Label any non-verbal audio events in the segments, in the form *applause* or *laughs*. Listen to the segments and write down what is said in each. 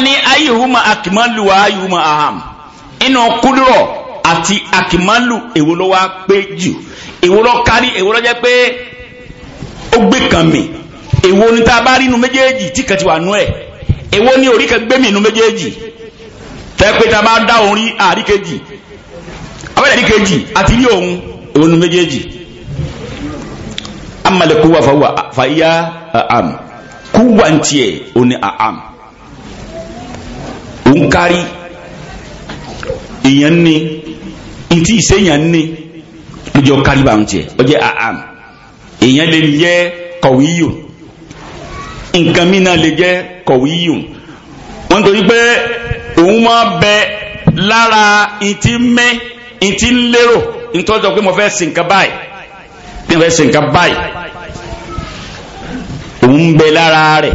ní ayéhùmá akimalu wa ayéhùmá aham inú kúdúrọ̀ àti akimalu èwo ló wá pé jù èwo ló kárí èwo ló jẹ́ pé ó gbé kan mi èwo ni tá a bá rí inú méjèèjì tí kan ti wà nú ẹ̀ èwo ni orí kan gbé mi inú méjèèjì tẹ́ pé tá a bá dá òun rí àríkejì abẹ́rẹ́ àríkejì àti rí òun èwo inú méjèèjì amalekuwa fa iya aham kuwa ntiẹ̀ òun aham ó ń kárí èèyàn ní ntí ìséyàn ní lójú kárí bá ń tiẹ̀ ó jẹ́ àhàm èèyàn lè jẹ́ kọ̀wíyò nǹkan mi náà lè jẹ́ kọ̀wíyò wọ́n torí pé òun máa bẹ lára ntí mẹ́ ntí lérò ntọ́jọ́ pé mo fẹ́ sin nǹkan báyìí mo fẹ́ sin nǹkan báyìí òun bẹ lára rẹ̀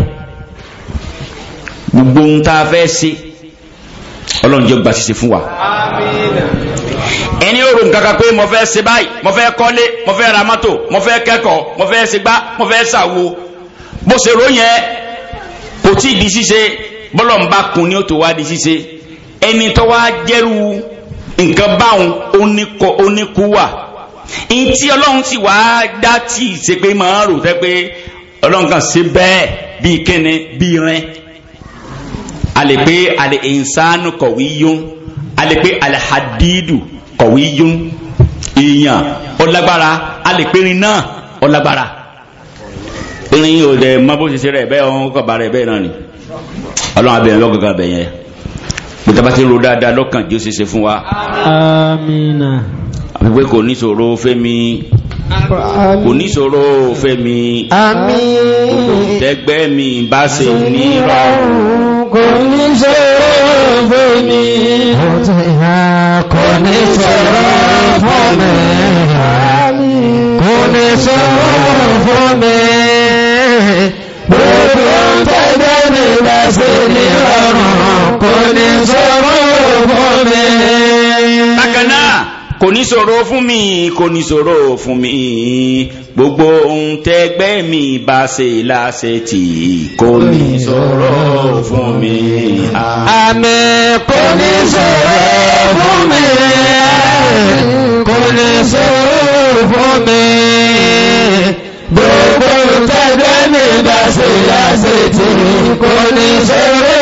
gbogbo ohun tá a fẹ́ ṣe ọlọ́run jẹ́ gba ṣiṣẹ́ fún wa. ẹni òrùn kankan pé mo fẹ́ ṣe báyìí mo fẹ́ kọ́lé mo fẹ́ ra mọ́tò mo fẹ́ kẹ́kọ̀ọ́ mo fẹ́ ṣe gbá mo fẹ́ ṣàwo bó ṣe rò yẹn kò tí ì di ṣíṣe bọ́lọ̀ ń bá kun ní ó tó wá di ṣíṣe ẹni tó wá jẹ́rú nǹkan báwọn oníkú wà ntí ọlọ́run ti wá dá tí ì ṣe pé máa rò tẹ́ pé ọlọ́run kan ṣe bẹ́ẹ̀ bíi kíni bíi rẹ́n a lè pé alẹ́ ìsánú kọ̀wé yún a lè pé alẹ́ hadidu kọ̀wé yún èèyàn ọlágbára a lè pé irin náà ọlágbára irin ò dẹ̀ mọ́ bó ṣe ṣe rẹ̀ bẹ́ẹ̀ ọ̀hún kọ̀bà rẹ̀ bẹ́ẹ̀ náà ni ọlọ́run abẹ́rẹ́ ti ro dáadáa lọ́kàn jí ṣe ṣe fún wa. àmín. àpẹẹrẹ kò ní ṣòro fẹ́mi kò níṣòro fẹ́mi tẹ́gbẹ́ mi bá ṣe ní ìrọ̀rùn kò níṣòro fẹ́mi kò níṣòro fẹ́mi kò níṣòro fẹ́mi gbogbo tẹ́gbẹ́ mi bá ṣe ní ìrọ̀rùn kò níṣòro kò ní ṣòro fún mi kò ní ṣòro fún mi gbogbo ohun tẹgbẹ́ mi bá ṣe láṣẹ tì kò ní ṣòro fún mi. àmín kò ní ṣòro fún mi kò ní ṣòro fún mi gbogbo ohun tẹgbẹ́ mi bá ṣe láṣẹ tì kò ní ṣòro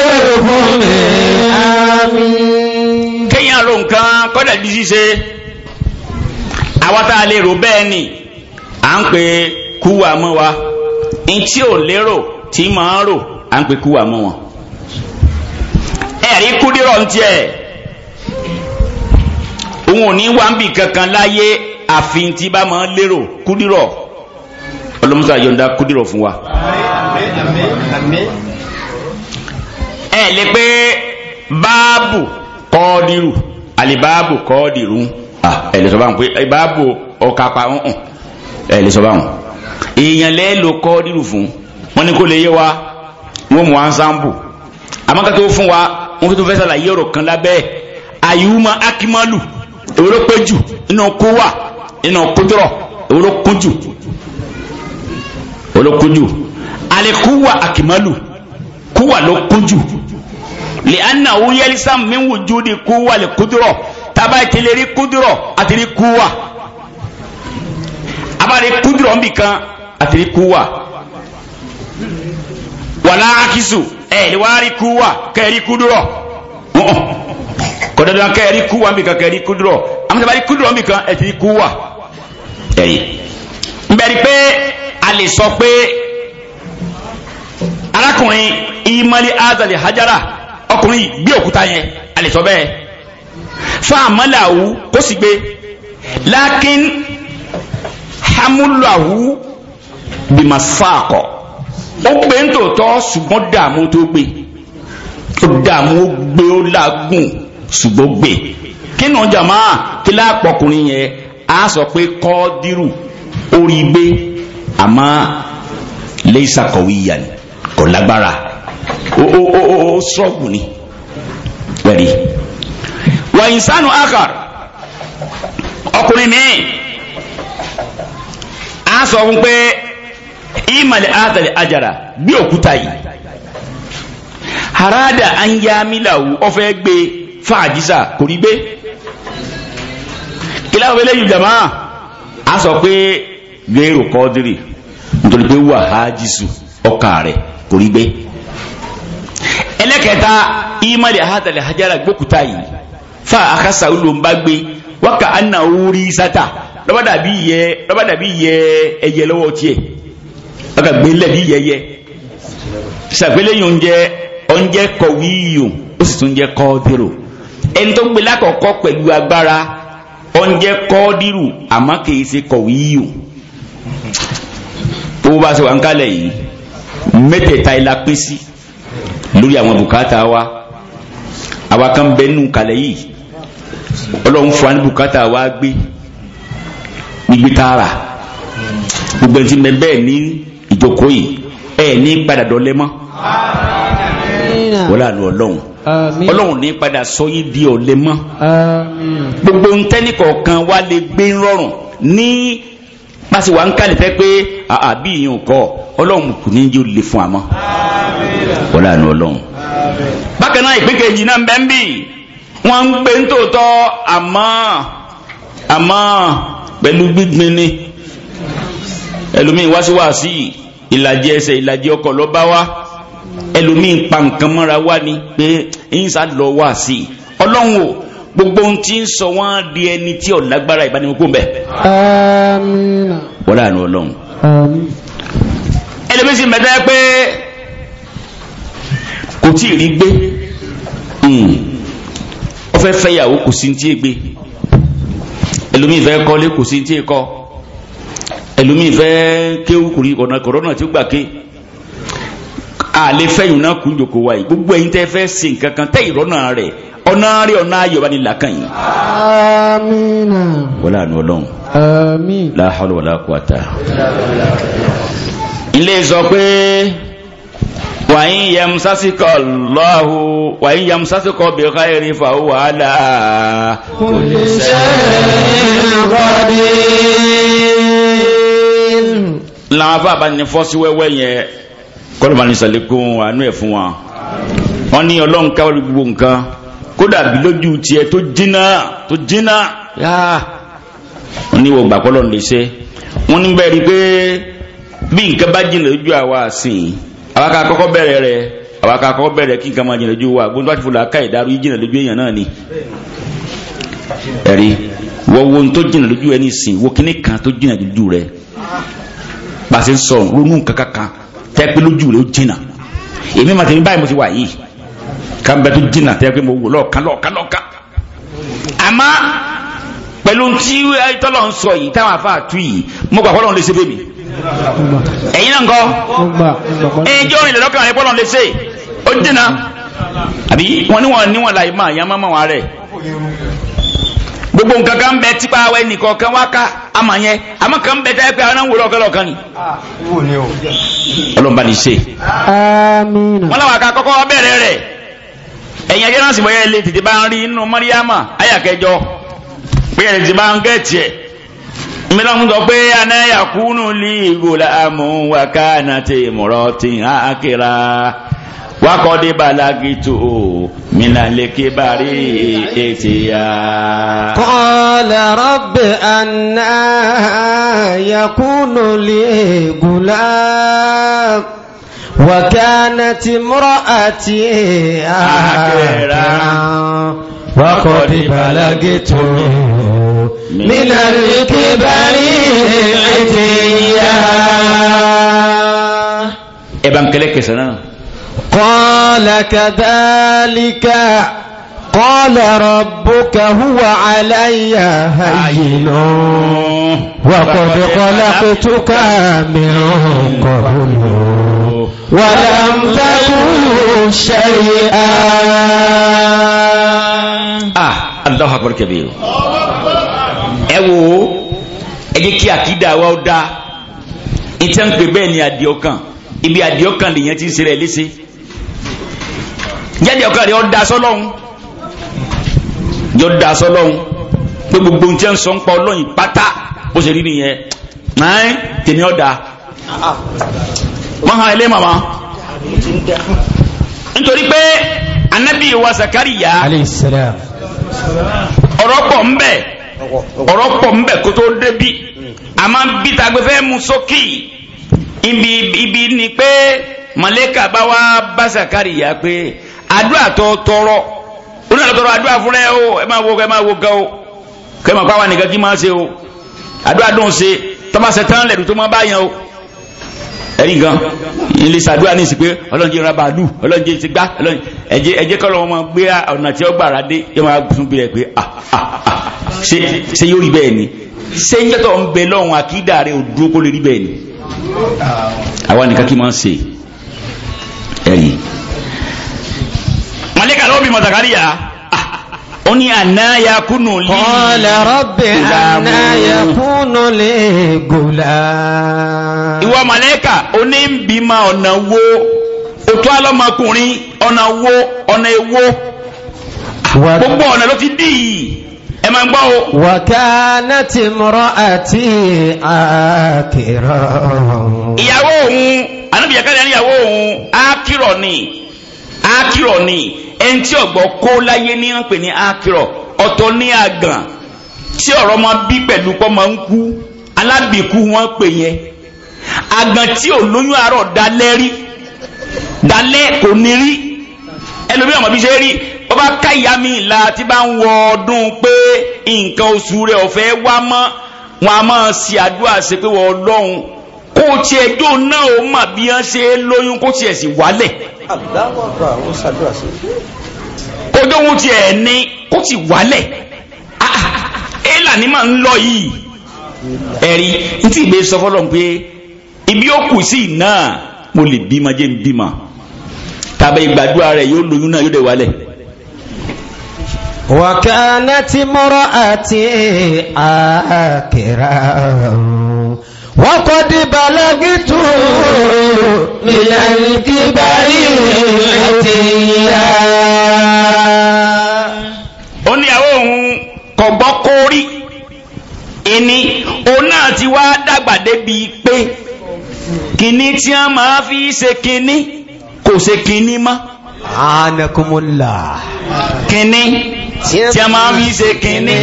fún mi. àmín. kéèyàn ló ń kan kọ́dà bí ṣíṣe àwa tá a lè rò bẹ́ẹ̀ ni à ń pè kúwà mọ́ wa ní tí ò lérò tí màá rò à ń pè kúwà mọ́ wọn. ẹ̀rí kúdírọ̀ ń tiẹ̀ òun ò ní wá ń bì kankan láyé àfin tí bá máa lérò kúdírọ̀ ọlọ́mọsá yọ̀ǹda kúdírọ̀ fún wa. ẹ lè pé báàbù kọ́ọ́dìrú àlè báàbù kọ́ọ́dìrú. Ah, ẹ lè sọ báwọn pé báàbò ọkà pa ọ̀hún ẹ lè sọ báwọn. èèyàn lẹ́ẹ̀lò kọ́ dírù fún wọn ni kò lè yé wa wọn mú ansambu àmọ́ ká tó fún wa wọn tó fẹ́ sàlàyé ọ̀rọ̀ kan lábẹ́ àyùmọ̀ akimalu èwo ló pé jù nínú kó wà nínú kójọ́rọ̀ èwo ló kún jù èwo ló kún jù alekuwa akimalu kúwà ló kún jù lè anna wúyẹ́lísàmù mi wùjú di kúwà lè kúdúrọ̀. tàbá ti rí kúdúrọ̀ àti kúwà abáre ń bì kan kúwà wàlá akisu ẹ̀ lè rí kúwà kẹ́rí kúdúrọ̀ kọ̀dọ̀dọ̀ kẹ́rí kúwà ń bì kan kẹ́rí kúdúrọ̀ àmì tàbá rí ń bì kan ẹ̀ kúwà ẹ̀yìn a lè sọ pé arákùnrin azali hajara ọkùnrin gbé òkúta yẹn a lè sọ fáàmọ́làwú kó sì gbé lákín hamúlàwú bìmọ̀sáàkọ̀ ó gbé ń tòótọ́ ṣùgbọ́n dààmú tó gbé ó dààmú ó gbé ó lágùn ṣùgbọ́n gbé kí nà jàmá kí lápọkùnrin yẹn á sọ pé kọ́ dírù orí gbé àmọ́ lẹ́yìn sàkọ̀wé ìyá ni kò lágbára ó ó ó ó ṣọ́ọ̀bù ni ready. Wa ìsánù akar ọkùnrin na a sọ fún pé imali àtàlẹ̀ ajara bí òkúta yìí harada anyị ọfẹ gbé fàájísà kò rí gbé kílá òwe lẹ́yìn jama a sọ pé gbèrò kọ́dírì nítorí pé wà hájísù ọkà rẹ̀ kò rí gbé ẹlẹ́kẹta ìmàlẹ̀ àtàlẹ̀ gbókúta yìí fa akasa olùmbàgbé waka anna uri sata lọ́ba dàbí yẹ lọ́ba dàbí yẹ ẹyẹ lọ́wọ́ tiẹ̀ wákà gbélé bí yẹyẹ sàgbélé yìí ń jẹ oúnjẹ kọ̀wé yìí ó sì tún jẹ kọ́ọ́dìrò ẹni tó gbélé àkọ́kọ́ pẹ̀lú agbára oúnjẹ kọ́ọ́dìrò àmọ́ kìí ṣe kọ̀wé yìí owó bá ṣe wà ń kálẹ̀ yìí mẹ́tẹ̀ẹ̀ta ìlà pín sí lórí àwọn bùkátà wa àwa kan bẹ́ẹ̀ nù kálẹ̀ yìí ọlọ́run fún wa ní bùkátà wa gbé gbígbé tààrà gbogbo ẹni tí mẹ bẹ́ẹ̀ ní ìjókòó yìí ẹ ní padà dọ́lẹ́ mọ́ wọ́n lànà ọlọ́run ọlọ́run ní padà sọ yìí di ọ̀lẹ́ mọ́ gbogbo ntẹ́nìkọ̀ọ̀kan wa lè gbé rọrùn ní pàṣẹ wà ń kálí fẹ́ pé àbí ìyẹn kọ́ ọlọ́run kò ní yóò lè fún wa wọ́n lànà ọlọ́run bákan náà ìpínkejì náà ń bẹ́ ń bì í wọ́n ń pè ń tòótọ́ àmọ́ àmọ́ pẹ̀lú gbígbin ni ẹlòmíín wá sí wàásì ìlàjì ẹsẹ̀ ìlàjì ọkọ̀ ló bá wá ẹlòmíín pa nǹkan mọ́ra wá ni pé ẹ̀yìn sá lọ wàásì ọlọ́run o gbogbo ohun tí ń sọ wọ́n di ẹni tí ò lágbára ìbánimọ̀kú wọ́n láàánú ọlọ́run. àmín. ẹlẹ́mísì mẹ́ta pé kò tí ì rí gbé. Hmm fẹ́ fẹ́yàwó kò sí tí ègbé ẹlòmíì fẹ́ kọ́lé kò sí tí èkọ́ ẹlòmíì fẹ́ kéwù ọ̀nà kòrónà tí ó gbà ké àlè fẹ́yìn náà kún jòkó wáyé gbogbo ẹ̀yin tẹ́ fẹ́ ṣe nǹkan tẹ́ ìrọ́nà rẹ̀ ọ̀nà rí ọ̀nà ayọ̀bá ni làkàn yìí. amina. wọlé àná ọlọ́run. àmín. la hawla wala quwata. ilé sọ pé wàyín yamsasikọ lọ́hu wàyín yamsasikọ bí káyìrì fàwọ́ àlà kò lè ṣe ìrọ̀dí. làwọn afọ àbánifọ́sí wẹ́wẹ́ yẹn kọ́lọ́ bani sàlékún àánú ẹ̀ fún wa wọ́n ní ọlọ́run káwọn gbogbo ń lè ṣe wọ́n ní bẹ́ẹ̀ rí pé bí nǹkan bá jìnnà lójú àwa àsìn àwa ká kọ́kọ́ bẹ̀rẹ̀ rẹ̀ àwa ká kọ́kọ́ bẹ̀rẹ̀ kí nǹkan máa jìnà lójú wa gbọ́dọ̀ láti fòlà ká ìdárú yìí jìnà lójú èèyàn náà ni. ẹ̀rí wọ́n wo ohun tó jìnà lójú ẹni sìn wo kíní kan tó jìnà lójú rẹ̀ pàṣẹ ń sọ ronú kankan tẹ́ pé lójú rẹ̀ ó jìnà èmi màtí mi báyìí mo ti wà yìí kan bẹ tó jìnà tẹ́ pé mo wò lọ́ọ̀kan lọ́ọ̀kan lọ́ọ̀kan àmọ́ pẹ̀lú tí tọ́lọ́ ń sọ yìí táwọn afáàtú yìí mo gbà ẹ̀yìn náà kọ́ ẹjọ́ ìlẹ̀lọ́kàn rẹ̀ bọ́lọ̀ lè ṣe ó dínà àbí wọn ní wọn láì máa yan mọ́mọ́ wọn rẹ̀ gbogbo nǹkan kan bẹ tipa awẹ nìkan kan wá ká ama yẹn kan bẹ pé àwọn náà ń ni. ọlọ́mọba ní ṣe. làwọn àka kọ́kọ́ bẹ̀rẹ̀ rẹ̀ ẹ̀yin ajẹ́ náà sì bọ́ lè tètè bá ń rí pé mílọ́n sọ pé anáyà kúnú lè gòlà àmú wákàna tí mọ̀rọ̀ ti hàn ákìrà wákọ̀dé balagito mílàlékè bàrí ètè yá. qala rabbi anáyà kúnú lè gòlà wákàna tí mọ̀rọ̀ àti àkìrà wákọ̀dé balagito. من الكبر عتيا ابن كلك سنة قال كذلك قال ربك هو علي هين وقد خلقتك من قبل ولم تكن شيئا آه الله أكبر كبير ẹ wò ó ẹ jẹ́ kí àkídà wa ó dáa ìtẹ́ ń pè bẹ́ẹ̀ ni àdìọ́kàn ibi àdìọ́kàn lèyàn ti ń ṣeré léṣe jáde ọkàn rẹ ó da sọlọ́hún yóò da sọlọ́hún pé gbogbo ohun tí ń sọ ń pa ọlọ́yìn pátá bó ṣe rí nìyẹn náà tèmi ó da wọ́n hàn ilé màmá nítorí pé anabi wa Zakariya alayhi salam ọ̀rọ̀ pọ̀ ń bẹ́ẹ̀. ọ̀rọ̀ pọ̀ ńbẹ̀ kó tó débi àmọ́ hmm. bí tàgbé fẹ́ mú sókè ibi ibi ni pé mọ̀lẹ́kà bá wá bá Zakariya pé àdúrà tó tọrọ òun tọrọ àdúrà fúnra ẹ o ẹ máa wo ẹ máa wo gan o wà nìkan kí máa ṣe o dùn ṣe tọ́ba ṣe tán lẹ́dùn tó máa bá ẹ̀rí gan ilé sàdúrà ní ìsìnkú ọlọ́njẹ́ ra bàálù ọlọ́njẹ́ ti gbá ẹ̀jẹ̀ kọ́ lọ́wọ́ máa gbé ọ̀nà tí ó gbàrà dé yóò máa gùn bí ẹ pé ah, ah, ah, ṣé yóò rí bẹ́ẹ̀ ni ṣé ń yẹ́tọ̀ ń bẹ lọ́hùn àkídà rẹ̀ òdúró kó lè rí bẹ́ẹ̀ ni. àwa nìkan kí n máa ń ṣe ẹ̀yìn. màlẹ́kà ló bí mọ̀ Zakariya ó ní àná ya kúnù lè qala rabbi àná ya kúnù lè gùlá ìwọ màlẹ́kà ó ní ń bí ma ọ̀nà wo òtú alọ́mọkùnrin ọ̀nà wo ọ̀nà èwo gbogbo ọ̀nà ló ti dì í ẹ máa ń gbọ́ o. wa kanat imraati akira. ìyàwó òun ànábìyàkálẹ̀ ìyàwó òun ákìrọ̀ ni ákìrọ̀ ni ẹni tí ọ̀gbọ́ kó láyé ní ń pè ní akirọ̀ ọ̀tọ̀ ní àgàn tí ọ̀rọ̀ máa bí pẹ̀lú pọ́ máa ń kú alábìkú wọn pè yẹn àgàn tí ò lóyún àárọ̀ rí dalẹ́ kò ní rí ẹlòmíràn mọ̀ bí ṣe rí ó ká ìyá mi ìlà tí bá ń wọ ọdún pé nǹkan oṣù rẹ̀ ọ̀fẹ́ wá mọ́ wọn a máa ṣe àdúrà ṣe pé wọ́n ọlọ́run kó o tiẹ̀ náà ó mà bí wọ́n ṣe lóyún kó tiẹ̀ sì wálẹ̀. kó dóhun tiẹ̀ ní kó ti ah, ah, ah, ni ń lọ yìí ẹ̀rí n tí pé ibi ó kù sí mo lè bímọ jẹ́ ń bímọ tàbí ìgbàdúrà rẹ̀ yóò lóyún náà yóò wálẹ̀. وقد بلغت من الكبر عتيا ó ní àwọn òun kò gbọ́ kó rí ìní òun náà ti wá dàgbà débi pé kìíní tí a máa fi ṣe kìíní kò ṣe kìíní mọ́ anakumula kìíní tí a máa fi ṣe kìíní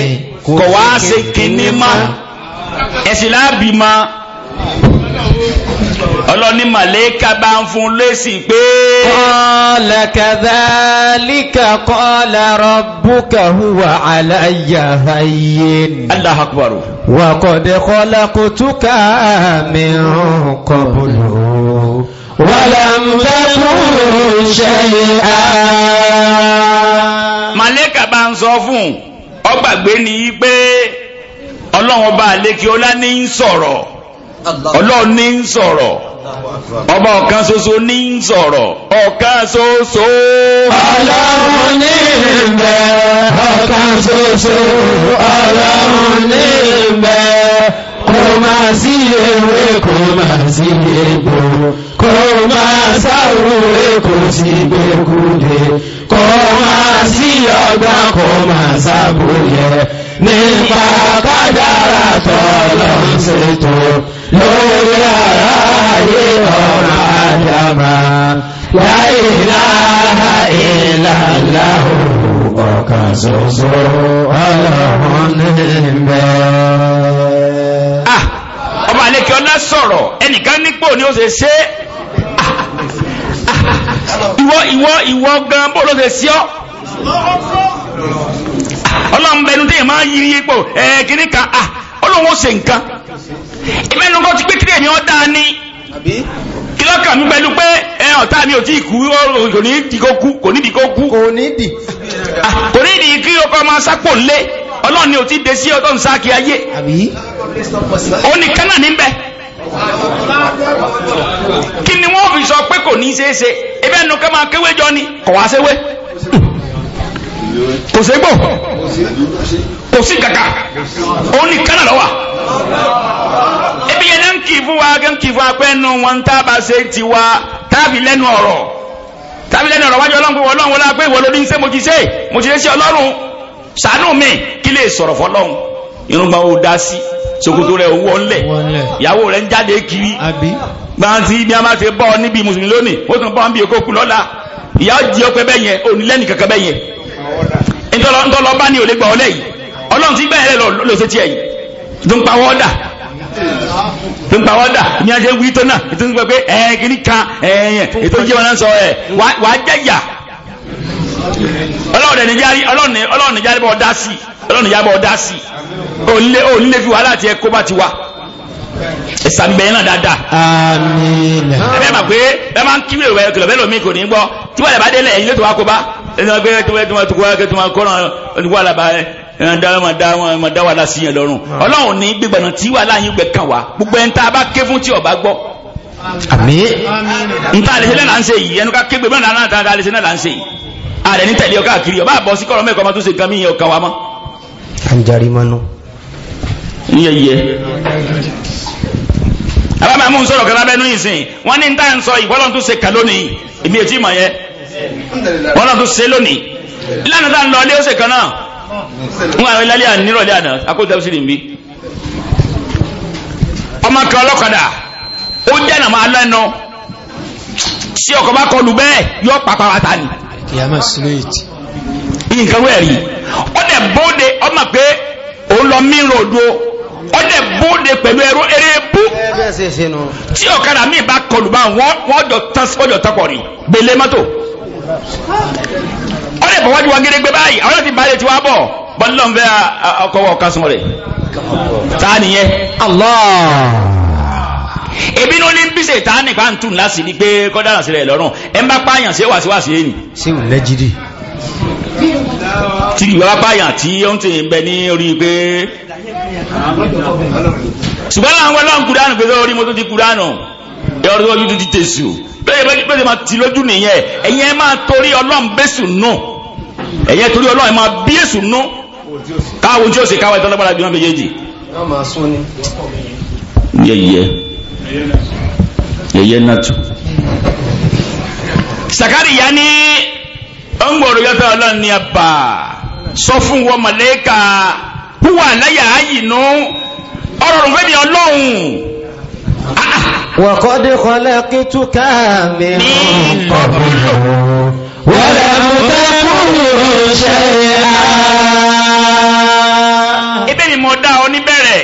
kò wá ṣe kìíní mọ́ ẹ̀sìn láàbì máa ọlọ́ni màlẹ́kà bá ń fún lésì pé qala kadhalika qala rabbuka huwa alayya hayyin Allahu akbar wa qad khalaqtuka min qablu wa lam takun shay'an màlẹ́kà bá ń sọ fún ọlọ́run ní ń sọ̀rọ̀ ọba ọ̀kan ṣoṣo ní ń sọ̀rọ̀ ọ̀kan ṣoṣo. ọlọ́run ní ìbẹ̀ ọ̀kan ṣoṣo ọlọ́run ní ìbẹ̀ kò máa sí ewé kò máa sí egbò kò máa sáwúré kò sí gbẹ̀kúndé kò máa sí ọgbà kò máa sábòyẹ nípa kádàrà tọ́lọ́ ṣètò lórí ah, ọmọ àlekè ọlá sọ̀rọ̀ ẹnìkan nípò ni ó ṣe ṣe ìwọ ìwọ ìwọ gan bó ló ṣe sí ọ ọlọ́run bẹnu máa yiri ipò ẹ̀ẹ́kìnníkan ah, ọlọ́run ṣe nǹkan. ìfẹ́nu kọ́ ti pé kí èmi ọ́ dáa ní kí mi pẹ̀lú pé ẹ ọ̀tá mi ò tí kú kò ní di kó kú kò ní di kó kú kò ní di ah, ni ò ti dé sí ayé ó ní kánà níbẹ̀ kí ni wọ́n fi sọ pé kò ní ebe máa ni kò wá séwé kò ebi yẹn náà ń kì í fún wa ń kì í fún wa pé ẹnu wọn tá a bá ṣe ti wa tábì lẹ́nu ọ̀rọ̀ tábì lẹ́nu ọ̀rọ̀ wájú ọlọ́run pé wọ́n lọ́run wọ́n lápé ìwọ lórí ṣé mo ti ṣe mo ti ṣe ṣe ọlọ́run ṣàánú mi kí lè sọ̀rọ̀ fọlọ́run irúgbà ó dá sí ṣòkòtò rẹ̀ owó ọ̀nlẹ̀ ìyàwó rẹ̀ ń jáde kiri gbanti ibi a máa ti bọ́ níbi mùsùlùmí lónìí ó tún bọ́ níbi èkó kù lọ́la ìyá di ọpẹ bẹ́ẹ̀ yẹn òní lẹ́nì kankan bẹ́ẹ̀ yẹn ntọ́lọ́ bá ní òlé gbà ọlẹ́ yìí ọlọ́run ti gbẹ̀yẹ̀ lọ lọ́sẹ̀ tiẹ̀ yìí tó ń pa wọ́dà tó ń pa wọ́dà ní a ṣe wí tó náà ètò ìgbà pé ẹ̀ẹ́n kìíní kan ẹ̀ẹ́yẹn ètò ìjẹ́ wọn náà sọ ẹ̀ wà á jẹ́yà ọlọ́run ní járí ọlọ́run ní járí bọ́ ọ̀dá sí ọlọ́run ní ọ̀dá sí òun lè fi wàhálà tiẹ̀ kó bá ti wà ìsàmbẹ̀yìn náà dáadáa. àmín. ẹgbẹ́ ma pé ẹ máa ń kí wíwẹ̀ kìlọ̀ bẹ́ẹ̀ lómi kò ní gbọ́ tí wọ́n lè bá délẹ̀ ilé tó wá kó bá ẹni wọ́n gbé tó wá tó wá kó náà onígbó àlàbà ẹ ẹ̀rọ̀dá wà láti yẹn lọ́rùn ah. ọlọ́run ní gbígbẹ̀nà tí wà láyín gbẹ̀ kan wá gbogbo ẹni tá a bá ké fún tí ọba gbọ́ àmín nta lè ṣe náà ń ṣe yìí ẹnu ká ké gbẹ̀mọ́ náà náà ta lè ṣe náà ń ṣe yìí ààrẹ ní tẹ̀lé ọkà kiri ọba àbọ̀ sí kọ́rọ̀ mẹ́kọ̀ọ́ máa tún ṣe nǹkan mí ọkà wa mọ́. àǹjarí mọ́nú. níyẹyẹ alábàá mú sọ̀rọ̀ kan lábẹ́nú yìí sìn wọ́n ní nta ń sọ ìwọ́lọ́ tún ṣe kà lónìí èmi ètí mọ̀ yẹ wọ́n náà tún ṣe lónìí lánàá tá ń lọ ilé ó ṣe kan náà ń wà lálẹ́ àná nírọ̀lẹ́ àná akóso ẹ̀fọ́ sí nìbí. ọmọ kan ọlọ́kadà ó jẹ́ nàmọ́ alẹ́nu tí ọkọ̀ bá kọlù bẹ́ẹ̀ yọ pàpà wà tani. kìyàmà sinayit. nǹkan wẹ̀rí ọ̀dẹ̀ bóde ọmọ pé òun lọ mí ròdo ọdẹ bóde pẹ̀lú ẹ̀rọ erébu tí ọ̀kadà mi bá kọlù bá wọ́n jọ tán pọ̀ rí gbélé mọ́tò ọ lè bọ̀ wájú wa gédégbé báyìí àwọn yóò ti bá ilé tiwa bọ̀ bọ́lá ń fẹ́ ọkọ̀wọ́ kásùmọ̀ rẹ̀ táà nìyẹn Allah ebi ní olí ń bí sèta nípa ń tún láti ní pé kọ́dára sílẹ̀ lọ́rùn ẹ ń bá pààyàn sí wàsíwàsí ẹni. ṣé ò lẹ́jìrì. tí ìwà pààyàn tí ó ń tè bẹ ní orí pé. ṣùgbọ́n àwọn ọlọ́run kúránù pé sọ mo tún ti kúránù. ẹ̀rọ yóò ti tẹ̀sù bẹ́ẹ̀ ti máa ti lójú nìyẹn ẹ̀yin máa torí ọlọ́run bẹ́sù nù ẹ̀yin torí ọlọ́run máa bí nù káwọn ojú òsè káwọn ìtọ́lọ́gbàlá bí wọ́n méjèèjì. yẹyẹ yẹyẹ nàtú. Sakariya ní ọ̀ngbọ̀rọ̀ yọ̀tọ̀ ní sọ fún وقد خلقتك مِنْ قبل ولم تكن شيئا ebe ni mo dá ọ níbẹ̀rẹ̀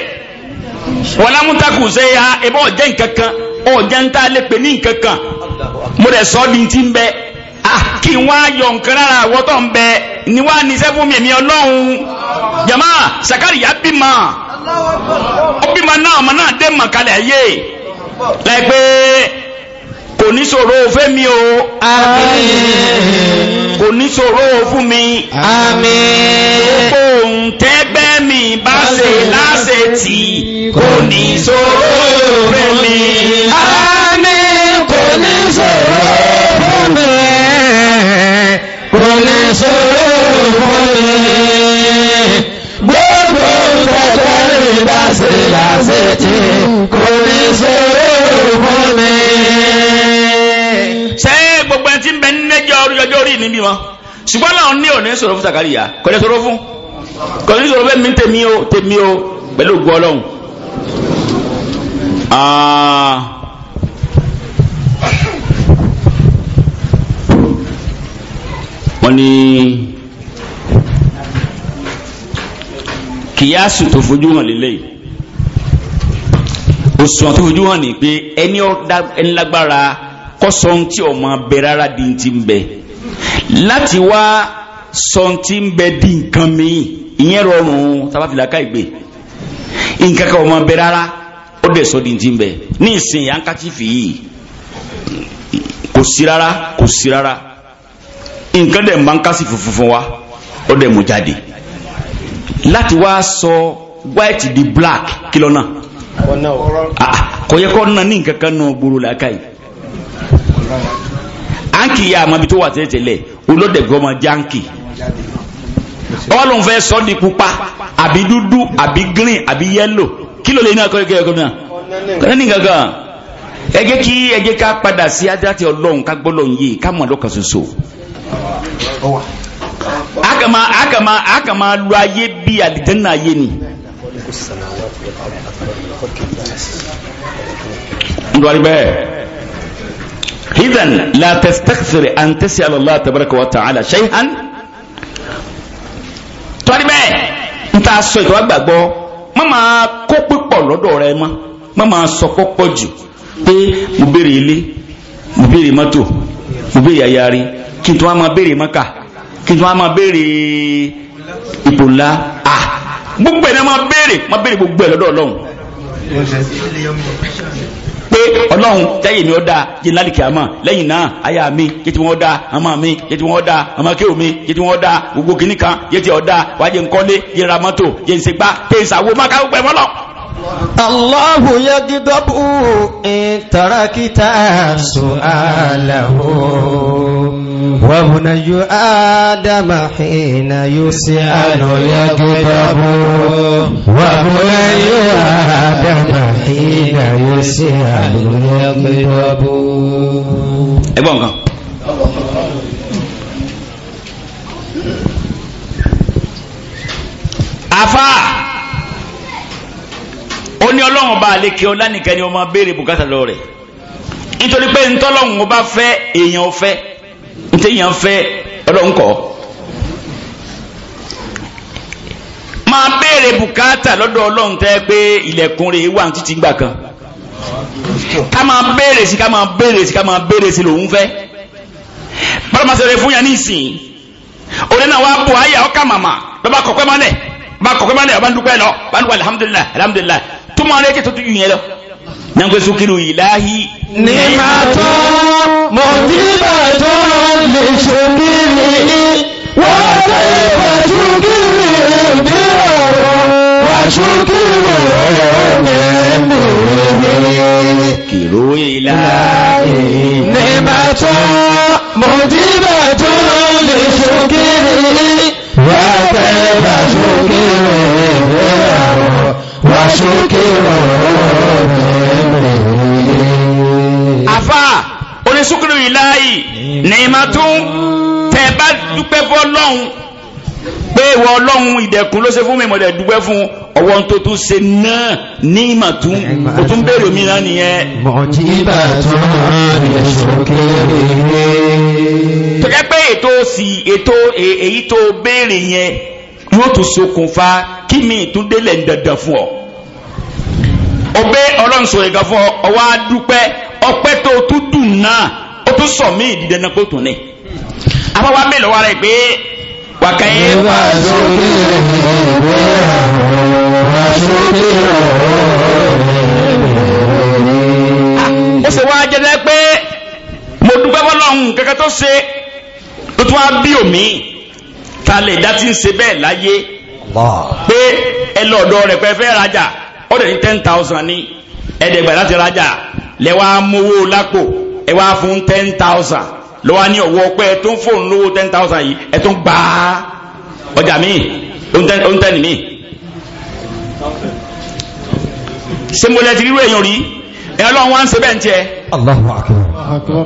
wọlámútakù ṣe ya ebe ọjẹ́ nkankan ọjẹ́ ń tá a lè pè ní nkankan mo rẹ̀ sọ́ di ti ń bẹ kí n wá yọ nǹkan rárá àwọ̀tọ̀ ń bẹ ni wá ní mi èmi ọlọ́run jama sakari ya bímọ ó bímọ náà ọmọ náà dé mọ̀ kalẹ̀ yé láìpẹ́ kò ní ṣòro fẹ́ mi o àmín kò ní ṣòro fún mi àmín ohun tẹ́gbẹ́ mi bá ṣe láṣẹ tì kò ní ṣòro fẹ́ mi àmín kò ní ṣòro fún mi kò ní ṣòro fún mi gbogbo ohun tẹ́gbẹ́ mi bá ṣe láṣẹ tì kò. ní bímọ ṣùgbọ́n náà ní òní sọ̀rọ̀ fún Sàkáríyà kọ́ni sọ̀rọ̀ fún kọ́ni sọ̀rọ̀ fún mi tèmi o tèmi o pẹ̀lú ògùn ọlọ́run. Ah. wọ́n ní kìyàsù tó fojú hàn lélẹ́yìí òṣùwọ̀n tó fojú hàn ní pé ẹni lágbára kọ́sọ̀ ń tí ọmọ bẹ rárá di ti ń bẹ láti wá sọ̀ǹtì ń bẹ di nǹkan mi ìyẹn rọrùn sábàfìlà káìgbé nǹkan kan ọmọ bẹ rárá ó dẹ̀ sọ di ti ń bẹ ní ìsìn yà ń kàtí fi yìí kò sí rárá kò sí rárá nǹkan dẹ̀ máa ń kásì funfun fún wa ó dẹ̀ mú jáde láti wá sọ white di black kí lọ́nà ah, kò yẹ kó nà ní nǹkan kan náà gbòòrò làákàyè jáǹkì yà àmọ́ ibi tó wà tẹ́lẹ̀tẹ́lẹ̀ olódẹ̀gbẹ́ ọmọ jáǹkì ọwọ́ ló ń fẹ́ sọ ní pupa àbí dúdú àbí green àbí yẹ́lò kí ló lè ní akọ́ ẹgbẹ́ ẹgbẹ́ náà kọ́nẹ́ ní gangan ẹgbẹ́ kí ẹgbẹ́ ká padà sí adáti ọlọ́run ká gbọ́ lọ́run yìí ká mọ̀ lọ́kàn ṣoṣo akama akama akama lu ayé bí àlìjẹ́nà ayé ni ń lọ rí bẹ́ẹ̀. إذن لا تستغفر أن تسأل الله تبارك وتعالى شيئا torí bẹ́ẹ̀ n ta sọ ìtọ́wá gbàgbọ́ má máa kó pípọ̀ lọ́dọ̀ rẹ mọ́ má máa sọ pọ́pọ́ jù pé mo béèrè ilé mo béèrè mọ́tò mo béèrè ayari kí n tó wá máa béèrè mọ́kà kí n tó wá máa béèrè ipò ńlá à ah, gbogbo ẹ̀ náà máa béèrè máa béèrè gbogbo ẹ̀ lọ́dọ̀ ọlọ́run pé ọlọ́run jáyè mi ọ̀dà jẹ́ lálìkẹ́ àmọ́ lẹ́yìn náà aya mi jẹ́ ti wọ́n dá àmọ́ mi jẹ́ wọ́n dá àmọ́ kéwò mi jẹ́ wọ́n dá gbogbo kìnnìkan jẹ́ ọ̀dà wájẹ́ nkọ́lé jẹ́ ramọ́tò jẹ́ nsẹ́gbá tẹ̀sàwó má káwọ́ pẹ̀lú ọlọ́run. Allahu yagdabu in tarakita su'alahu wa bunayyu adama hina yus'alu yagdabu wa bunayyu adama hina yus'alu yagdabu Ẹgbọ́n kan. Afa! ó ní ọlọ́run bá àlékè ọlá nìkan ni ọmọ béèrè bùkátà lọ rẹ̀ nítorí pé ntọ́lọ́run bá fẹ́ èèyàn fẹ́ ntẹ̀yàn fẹ́ ọlọ́run kọ́ máa béèrè bùkátà lọ́dọ̀ ọlọ́run tẹ́ pé ilẹ̀kùn rẹ̀ wà títí gbà kan ká máa béèrè sí ká máa béèrè sí ká máa béèrè sí lòun fẹ́ bọ́lá rẹ̀ fún yàn ní ìsìn òun náà wá bò áyà ọkà màmá lọ́ba kọ̀ọ̀pẹ́ mọ́lẹ̀ bá kọ̀kọ́ bá lẹ̀ bá ń dúpẹ́ lọ bá ń dúpẹ́ alhamdulillah alhamdulillah tó máa rẹ́ kí tó tún yẹn sukiru ilahi. ní máa tọ́ mọ̀ tí bàtọ́ lè ṣe bí mi wọ́n ṣe ìwàjú kí mi bí ọ̀rọ̀ wàjú kí mi ilahi. ní máa tọ́ mọ̀ tí bàtọ́ lè ṣe kí mi wọ́n bàṣókè rẹ̀ àrọ̀ bàṣókè rẹ̀ àfà oníṣúkúrú ìláyì ní ma tún tẹ bá dúpẹ́ fọ́ lọ́hun pé ìwọ ọlọ́hun ìdẹ̀kùn ló ṣe fún mi mo dẹ̀ dúpẹ́ fún ọwọ́ tó tún ṣe náà ní ìmà tún o tún bèèrè òmìnira nìyẹn mọ̀jíbà tó rẹ̀ ṣòkèrè tó jẹ́ pé ètò èyí tó bèèrè yẹn yóò tún ṣokùnfà kí mi tún délẹ̀ ń dandan fún ọ. ọbẹ̀ ọlọ́run sọ yẹn kan fún ọ ọwọ́ adúpẹ́ ọpẹ́ tó o tún dùn náà o tún sọ mí ìdí dandan kó tún ní. àwọn wa mélòó wa rẹ̀ pé wàkàyé. ìwà sórí ìwé ìwà sórí ìwé. Ah, ó sì wá jẹ́ pé mo dúpẹ́ fọlọ́run kẹ́kẹ́ tó ṣe tó tún wá bí òmíì talẹ̀ ìdá tí ń ṣe bẹ́ẹ̀ láyé pé ẹ lọ ọ̀dọ̀ rẹ̀ pé fẹ́ rajà ó dẹ̀ ní ten thousand ní ẹ̀ẹ́dẹ̀gbà láti rajà lẹ́wà mowó lápò ẹ wá fún ten thousand lọ́wọ́ ní ọ̀wọ́ pé ẹ tó ń lówó ten thousand yìí ẹ tó ń gbà á ọjà míì ó ń tẹ́ni míì ṣe ti rírò èèyàn rí ẹ̀yàn lọ́wọ́ wá ń bẹ́ẹ̀ ń tiẹ̀ Allahu akbar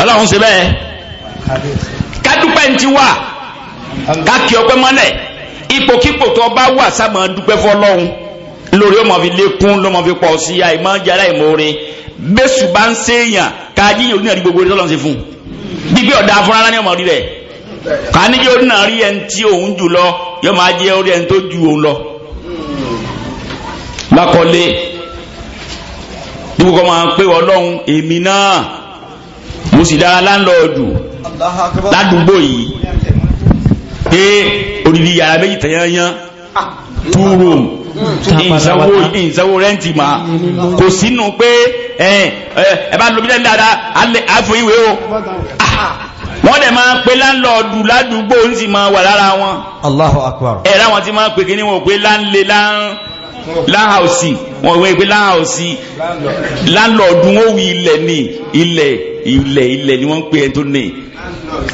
Allahu ń ṣe bẹ́ẹ̀ dúpẹ́ ń ti wà káàkì ọpẹ́ mọ́lẹ̀ ipòkípò tó bá wà sábà dúpẹ́ fọlọ́hún lórí ọmọ fi lékún lọmọ fi pọ̀ sí àìmọ́ jára ìmoore bẹ́sù bá ń séèyàn káàdì yìí onínàrí gbogbo rẹ̀ tọ́lọ́n ṣe fún gbígbé ọ̀dà afúnrárá ní ọmọ rí rẹ̀ kàníjẹ́ onínàrí ẹni tí òun jù lọ yọ máa jẹ́ orí ẹni tó ju òun lọ. lákọ̀ọ́lé dípò kọ́ máa ń pè wọ́n lọ́hùn èmi náà mo sì dára láńlọ́ọ̀dù ládùúgbò yìí pé odidi yàrá méjì tẹ̀yányán ah. two room ìsanwó ìsanwó rẹ́ǹtì mà kò sínú pé ẹ bá lomi dáadáa alẹ́ àfọyíwé o ah. wọ́n dẹ̀ máa pe láńlọ́ọ̀dù ládùúgbò ń sì máa wà lára wọn. Allahu akbar. ẹ̀rọ àwọn tí máa pe kí ni wọ́n pe láńlé láńlé láhàùsì wọn ìwé ìgbé láhàùsì láńlọ́ọ̀dù wọn wí ilẹ̀ ni ilẹ̀ ilẹ̀ ilẹ̀ ni wọ́n ń pè é tó ní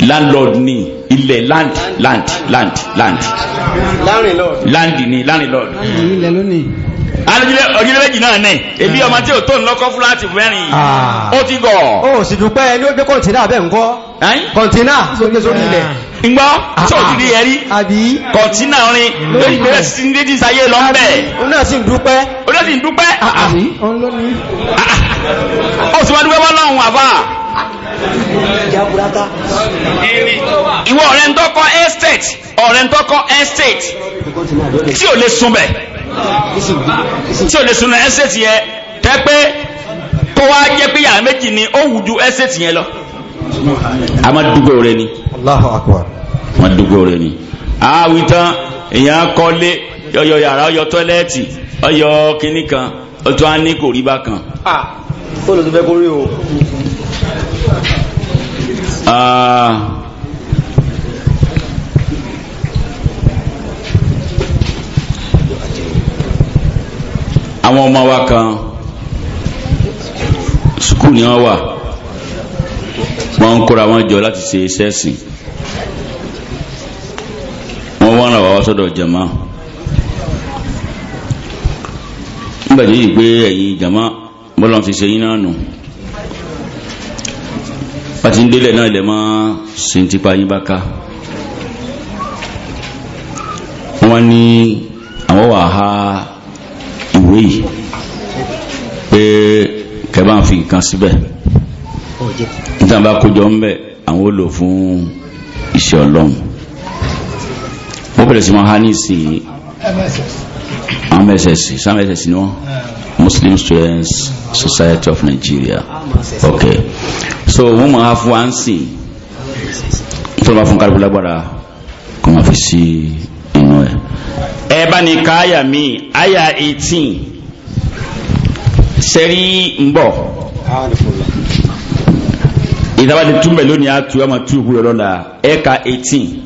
landlord ni ilẹ̀ land land land land land ni landlord. alùpùpù ọ̀gídé méjì náà nẹ̀ ebi ah. ọmọ tí o tó ń lọ́kọ́ fúláàtì mẹ́rin ah. ó ti gọ̀. o sì dúpẹ́ ẹni ó gbé kọ́ńtínà bẹ́ẹ̀ ń kọ́ kọ́ńtínà sókè sórí ilẹ̀. Ah ngbọ́ tí ah, ò ti ah. rí ẹrí kọ̀tínà rin lórí bẹ̀rẹ̀ sí ní dídí sáyé lọ bẹ́ẹ̀. ó náà sì ń dúpẹ́. ó náà sì ń dúpẹ́. Ah, ó sì wọ́n dúpẹ́ bọ́ lọ́hùn àbá. ìwọ ọ̀rẹ́ ń tọ́kọ estate ọ̀rẹ́ ń tọ́kọ estate tí ò lè sun bẹ̀ tí ò lè sun estate yẹ tẹ́ pé kó wá jẹ́ pé yàrá méjì ni ó wù ju estate yẹn lọ a ma dúgbò rẹ ni. Allahu akbar. a ma dúgbò rẹ ni. a wí tán èèyàn kọ́lé ọyọ yàrá ọyọ tọ́lẹ́ẹ̀tì ọyọ kínní kan ọtún á ní kò rí bá kan. a fóònù tó fẹ́ kó o o. àwọn ọmọ wa kan sukùl ni wọ́n wà wọ́n ń kóra wọn jọ láti ṣe sẹ́ẹ̀sìn wọ́n wá ràn wá sọ́dọ̀ jama nígbà tó yìí pé ẹ̀yin jama bọ́lá ti ṣe yín náà nù àti ń délẹ̀ náà lẹ̀ máa ṣe ń tipa yín bá ká wọ́n ní àwọn wà á ìwé yìí pé kẹ́ fi nǹkan síbẹ̀. Si nítorí bá kójọ ń bẹ̀ àwọn ò lò fún iṣẹ́ ọlọ́run wọ́n bẹ̀rẹ̀ sí máa há ní mss mss ni wọ́n Muslim Students Society of Nigeria ok so wọ́n máa há fún ansi nítorí bá fún kálukú lágbára kó máa fi sí inú ẹ̀ ẹ bá ní ká àyà mi àyà eighteen sẹ́rí ń bọ̀. ìtawà ti lónìí àtú ọmọ tí ìkú lọ́la 18 eighteen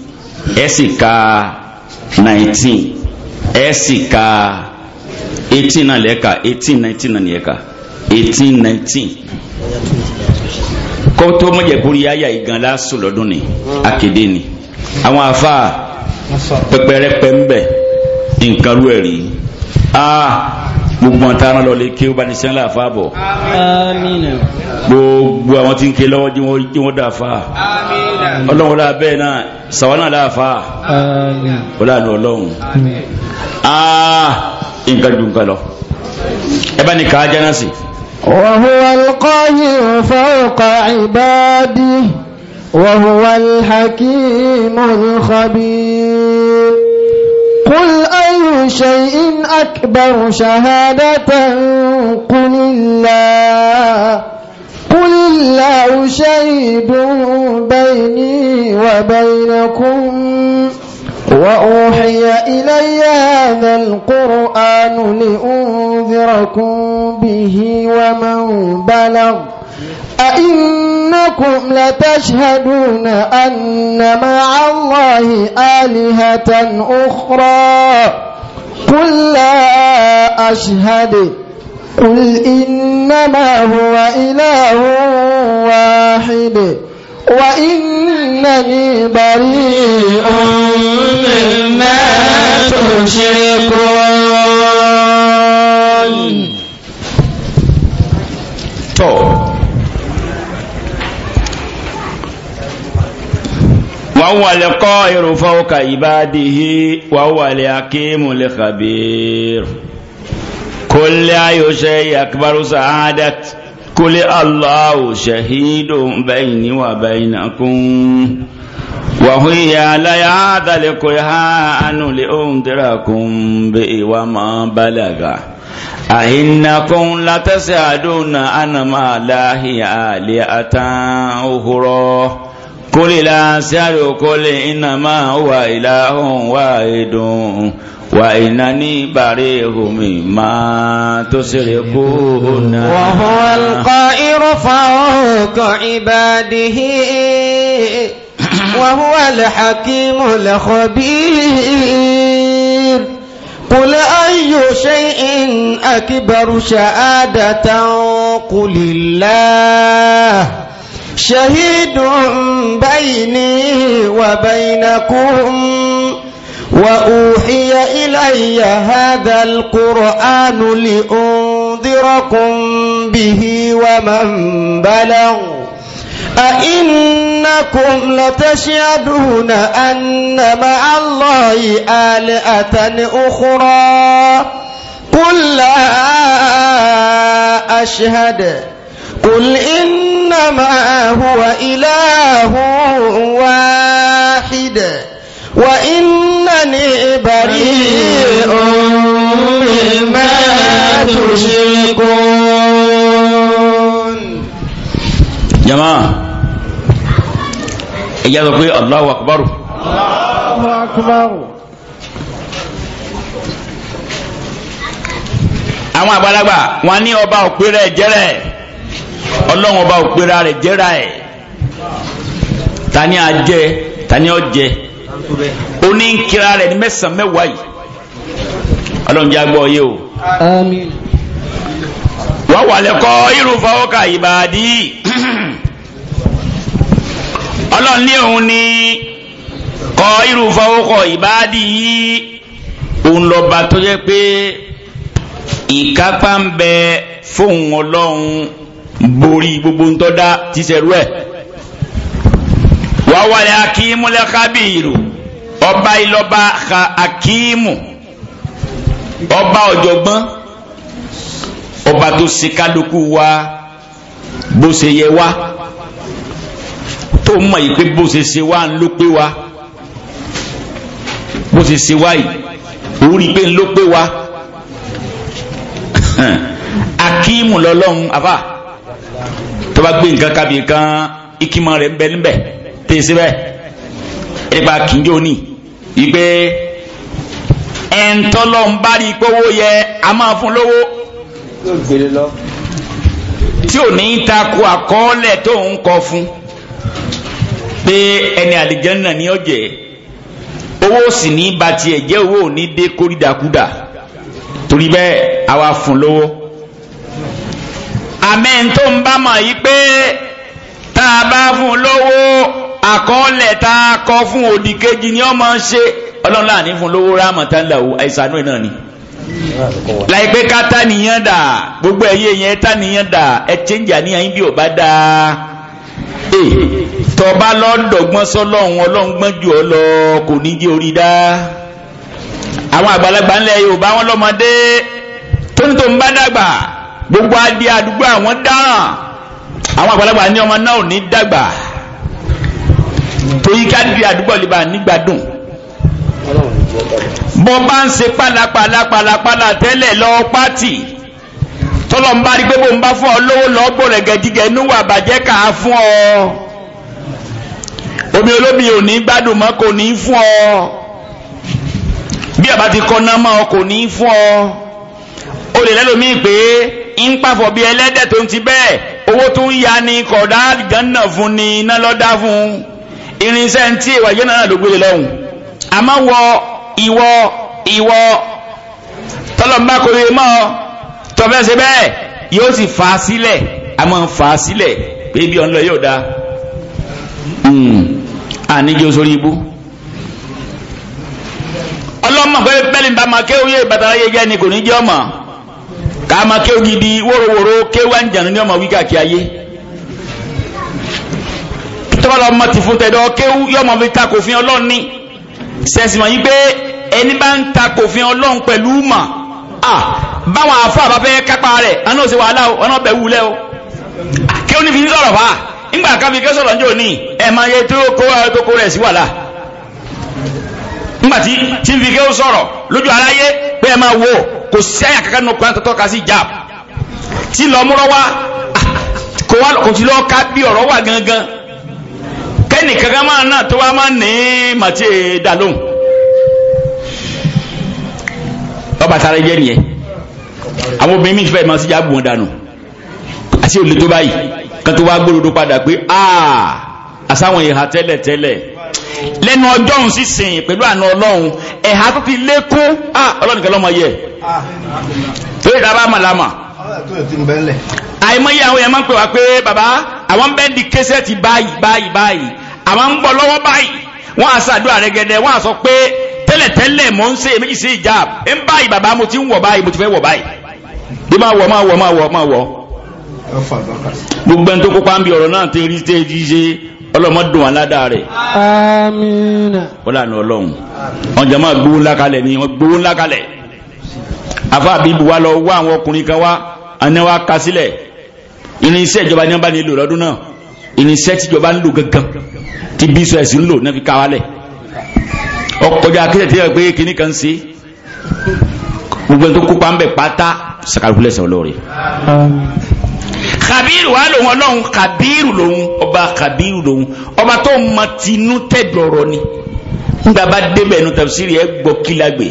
ẹ nineteen ẹ eighteen náà lẹ́ka eighteen nineteen náà lẹ́ka eighteen nineteen lásù lọ́dún ni akéde ni àwọn afa pẹpẹrẹ pẹ ń bẹ gbogbo àwọn táwọn lọlé kí ó bá ní sẹ́ńlá àfa bọ̀ gbogbo àwọn tí ń ké lọ́wọ́ jí wọ́n dà fa ọlọ́run la bẹ́ẹ̀ náà sàwọ́nà la fa ọlọ́run ọlọ́run aa ah, nǹkan ju nǹkan lọ ẹ bá ní ká ajá náà sí. وهو القاهر فوق عباده وهو قل أي شيء أكبر شهادة قل الله قل الله شهيد بيني وبينكم وأوحي إلي هذا القرآن لأنذركم به ومن بلغ أئنكم لتشهدون أن مع الله آلهة أخرى قل لا أشهد قل إنما هو إله واحد وإنني بريء مما تشركون وهو القاهر فوق عباده وهو الحكيم الخبير كل أي شيء أكبر سعادة كل الله شهيد بيني وبينكم وهي على هذا لكرهان لأنذركم به وما بلغ أئنكم لتسعدون أن ما لاهي آلهة أخرى قل لا أسألك قل إنما هو إله واحد وإنني بريء مما تشركون وهو القائر فوق عباده وهو الحكيم الخبير قل أي شيء أكبر شهادة قل الله شهيد بيني وبينكم وأوحي إلي هذا القرآن لأنذركم به ومن بلغ أئنكم لتشهدون أن مع الله آلئة أخرى قل لا أشهد قل إنما هو إله واحد وإنني بريء مما تشركون جماعة إجابة إيه الله أكبر الله أكبر àwọn àgbàlagbà wọn ní ọba òpèrè jẹrẹ ọlọ́run ọba òpera rẹ̀ jẹ́ra ẹ̀ tani ajẹ́ tani ọjẹ́ oníkira rẹ̀ ní mẹ́sàn-án mẹ́wàá yìí ọlọ́run jẹ́ agbọ́ yé o. àmín. wọ́n wà lẹ́kọ́ irúfọ́ ọkà ìbàdí ọlọ́run ní òun ní kọ irúfọ́ ọkọ̀ ìbàdí yìí òun lọ́ba tó jẹ́ pé ìkápá ń bẹ fóun ọlọ́run borí gbogbo ntọ́dá ti sẹ̀rú ẹ̀ wà wàlẹ̀ akíímù lẹ́kábìrù ọba ìlọba akíímù ọba ọ̀jọ̀gbọ́n ọba tó ṣe kálukú wa bó ṣe yẹ wa tó mọ̀ yìí pé bó ṣe ṣe wá ló pé wa bó ṣe ṣe wá yìí orí pé ló pé wa *laughs* akíímù lọ́lọ́run àbá tó bá gbé nǹkan kábìí kan ikimọ̀ rẹ̀ ń bẹ níbẹ̀ tẹ̀ síbẹ̀ nípa kìnjó ní ìgbé ẹ̀ńtọ́lọ́ ń bá rí pé owó yẹ a máa fún lówó tí ò ní takò àkọọ́lẹ̀ tó ń kọ fún pé ẹni àlìjẹ́nà ní ọ̀jẹ̀ owó sì ní bàtì ẹ̀jẹ̀ owó ní dé kórìdàkúdà torí bẹ́ẹ̀ àwa fún lówó. Amen tó ń bá mọ̀ yí pé tá a bá fún lówó àkọọ́lẹ̀ tá a kọ fún òdì kejì ni ọmọ ń ṣe ọlọ́run láàánú fún lówó rámọ̀tán làwọ̀ àìsànú ẹ̀ náà ni láìpẹ́ ká tánìyàn dà gbogbo ẹ̀yẹ yẹn tánìyàn dà ẹ chẹ́ńjà ní àyín bí ò bá dà e tọba lọ́dọ̀gbọ́n sọ́lọ́hún ọlọ́ngbọ́n jù ọ lọ kò ní jẹ́ orí dá àwọn àgbàlagbà ńlẹ̀ Yorùbá wọn lọ́mọdé tóní tó ń bá dàgbà gbogbo adé àdúgbò àwọn dáràn àwọn àgbàlagbà ní ọmọ náà ò ní dàgbà torí ká di àdúgbò lè bá nígbàdùn bọ́ bá ń ṣe pálapàlapàlapàla tẹ́lẹ̀ lọ pátì tọ́lọ̀ ń bá rí pé bó ń bá fún ọ lówó lọ́ọ́ gbòòrè gẹ̀dígẹ̀ inú wà bàjẹ́ kà á fún ọ omi olómi ò ní gbádùn mọ́ kò ní fún ọ bí àbá ti kọ́ ná mọ́ ọ kò ní fún ọ o lè lẹ́lòmíì pé ń pàfọ̀ bí ẹlẹ́dẹ̀ tó ń ti bẹ́ẹ̀ owó tó ń ya ni kọ̀dá gánà fún ni iná lọ́dá fún irinṣẹ́ ń tí ìwà yẹn náà ló gbélé lọ́hùn àmọ́ wọ ìwọ ìwọ tọ́lọ́mbà kò lè mọ́ ọ tọ́fẹ́ ṣe bẹ́ẹ̀ yóò sì fà á sílẹ̀ àmọ́ fà á sílẹ̀ pé ibi ọ̀nlọ yóò dáa hmm. àníjó sórí ibú ọlọ́mọ pé ni bá máa kéwòye bàtàlá yẹ jẹ́ ni kò ní jẹ́ ọmọ ká máa kéwú gidi wórówóró kéwú àǹjànú ní ọmọ wíkà kí ayé tọ́ba lọ́mọ ti fún tẹ̀dọ̀ kéwú yọmọ fi ta kò fi ọlọ́run ní sẹ́sìn wọ̀nyí pé ẹni bá ń ta kò fi ọlọ́run pẹ̀lú mà á báwọn afọ àbáfẹ́ kápá rẹ̀ àná ò sí wàhálà o ọ̀nà ọbẹ̀ wúlẹ̀ o kéwú ní fi ní sọ̀rọ̀ fà á nígbà káfí kí sọ̀rọ̀ njó ní ẹ̀ máa yẹ tó kó tó kó rẹ̀ sí wàhálà nígbà tí tí ń fi kí ó sọ̀rọ̀ lójú aráyé bẹ́ẹ̀ máa wo kò sí àyà kankan nínú kan tọ́tọ́ ka sí jab tí lọ múrọ́ wá kò wá kò sí lọ́ ká bí ọ̀rọ̀ wà gangan kẹ́nì kankan máa náà tó wá máa ní màtí dà lóhùn ọba tara jẹ́ nìyẹn àwọn obìnrin mìíràn fẹ́ẹ́ máa sí jábù wọn dànù àti olè tó báyìí kan tó wá gbòòrò padà pé aaa àsáwọn ìhà tẹ́lẹ̀ tẹ́lẹ̀ lẹ́nu ọjọ́run sísìn pẹ̀lú àna ọlọ́run ẹ̀há tó ti lékún ọlọ́run kẹlọ́ mọ yẹ tó yẹ dábàá màlámà. àìmọye àwọn yẹn máa ń pè wá pé bàbá àwọn bẹ́ẹ̀ di kẹsẹ̀ ti báyìí báyìí báyìí àwọn ń bọ̀ lọ́wọ́ báyìí wọ́n á sàdúrà rẹ gẹ́dẹ́ wọ́n á sọ pé tẹ́lẹ̀tẹ́lẹ̀ mò ń ṣe èmi ṣe ìjà ń báyìí bàbá mo ti ń wọ̀ báyìí mo ti fẹ́ wọ̀ báyìí bí máa wọ̀ máa wọ̀ máa wọ̀ máa wọ̀ gbogbo ẹni tó kópa ń bi ọ̀rọ̀ náà ti rí ṣe ọlọ́mọ dùn wọn ládàá rẹ̀. amiina. ó lànà ọlọ́run wọn jẹ́ máa gbowó ńlá kalẹ̀ ni wọ́n gbowó ńlá kalẹ̀ afa abibu wa lọ wá àwọn ọkùnrin kan wá àná wa ka sílẹ̀ irinṣẹ́ ìjọba ní wọn bá nílò lọ́dún náà irinṣẹ́ tíjọba ń lò gangan tí bísọ ẹ̀sìn ń lò náà fi ká wálẹ̀ ọkọjá akẹ́tẹ̀ tí yẹ pé kínní kan ṣe gbogbo ẹni tó kópa ń bẹ̀ pátá sàkàlùkù lẹ́sẹ̀ amiina Kabiru wà lòun ọlọ́run Kabiru, lòun ọba kàbírù lòun ọba tó mọ tinú tẹ̀dọ̀rọ̀ ni ńgbà bá débẹ̀ nu tafsiri ẹ gbọ́ kílágbé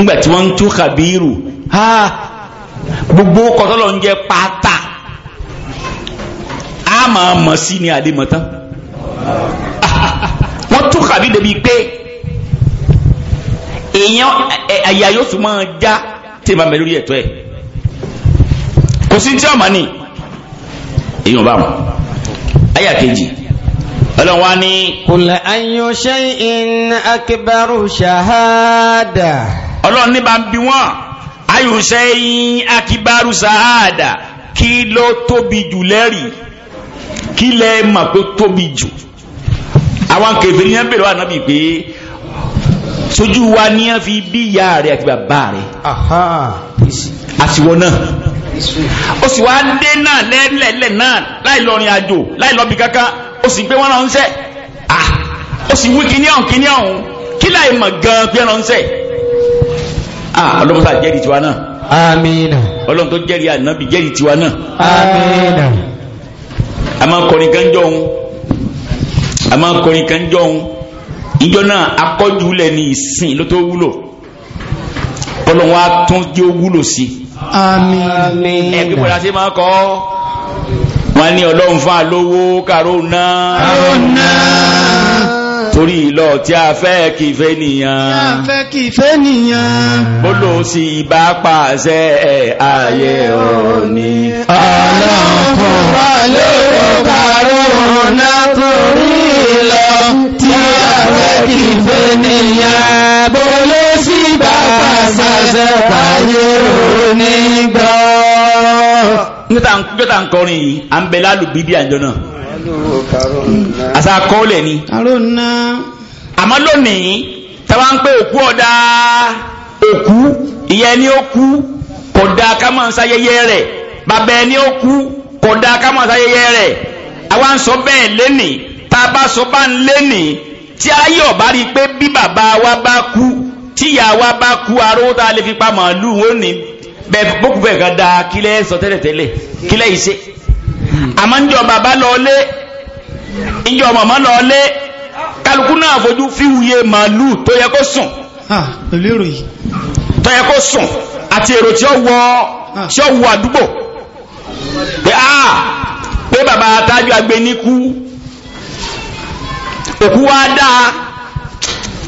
ńgbà tí wọ́n ń tú kàbírù ha gbogbo kọ́tọ́lọ́ ń jẹ́ pátá a máa mọ̀ sí ni àdèmọ̀tán *laughs* wọ́n tú kàbírù débi pé èèyàn àyà yóò tún máa já tí ma ẹ̀tọ́ ẹ̀ kò sí tí ọmọ ni èyàn bá wọn àyà kejì ọlọ́run wá ní. kùlẹ̀ ayò ṣe in akibaru ṣahada. ọlọ́run ní bá ń bi wọ́n ayò ṣe in akíbarú ṣahada kí ló tóbi jù lẹ́rìí kí lẹ́ mà pé tóbi jù àwọn kèfèrí ní wọn bèrè wà nábì pé sójú wa ní wọn fi bí ìyá rẹ àti bàbá rẹ àtiwọ náà ó sì wá dé náà lẹ́lẹ́lẹ́ náà láì lọ rìn àjò láì lọ bí kankan ó sì gbé wọn ránṣẹ́ ah, ó sì wí kíní ọ̀hún kíní ọ̀hún kí láì mọ̀ gan gbé ránṣẹ́ ah, ọlọ́mọta jẹ́rìí tiwa náà amina ọlọ́run tó jẹ́rìí ànábì jẹ́rìí tiwa náà amina a máa kọrin kan jọ òun a máa kọrin kan jọ òun ìjọ náà akọ́jú lẹ́ni ìsìn ló tó wúlò ọlọ́run wa tún jẹ́ wúlò sí i àmín ẹ̀bí pẹ̀lá sí máa kọ́ wọ́n ní ọlọ́run fún àlówó kàró náà torí ìlọ tí a fẹ́ kì í fẹ́ nìyàn. tí a fẹ́ kì pàṣẹ ẹ̀ ayé òní. ọlọ́pọ̀ torí ìlọ tí a fẹ́ kì nìyàn. bóló sì bá pàṣẹ ayé jọta nkọrin yìí à ń bẹ lálù bíbí àjọ náà àṣà kọ́ọ̀lẹ̀ ni. àmọ́ lónìí táwa ń pé òkú ọ̀dà òkú ìyẹn ni ó kú kódà ká máa ń sayẹyẹ rẹ̀ bàbá ẹni ó kú kódà ká máa ń sayẹyẹ rẹ̀ àwa ń sọ bẹ́ẹ̀ lénìí tá sọ bá ń lénìí tí ayé ọ̀bá rí i pé bí bàbá wa bá kú tíyà bá kú aró lè fi pa màálù ó ní bẹ́ẹ̀ bókù bẹ́ẹ̀ kan da kílẹ̀ sọ tẹ́lẹ̀ tẹ́lẹ̀ kílẹ̀ yìí ṣe àmọ́ ń jọ bàbá lọ lé ń jọ màmá lọ lé kálukú náà fojú fíwuye màálù tó yẹ kó sùn tó yẹ kó sùn àti èrò tí ó wọ tí ó wọ àdúgbò pé a pé bàbá tájú agbe ní òkú wa dáa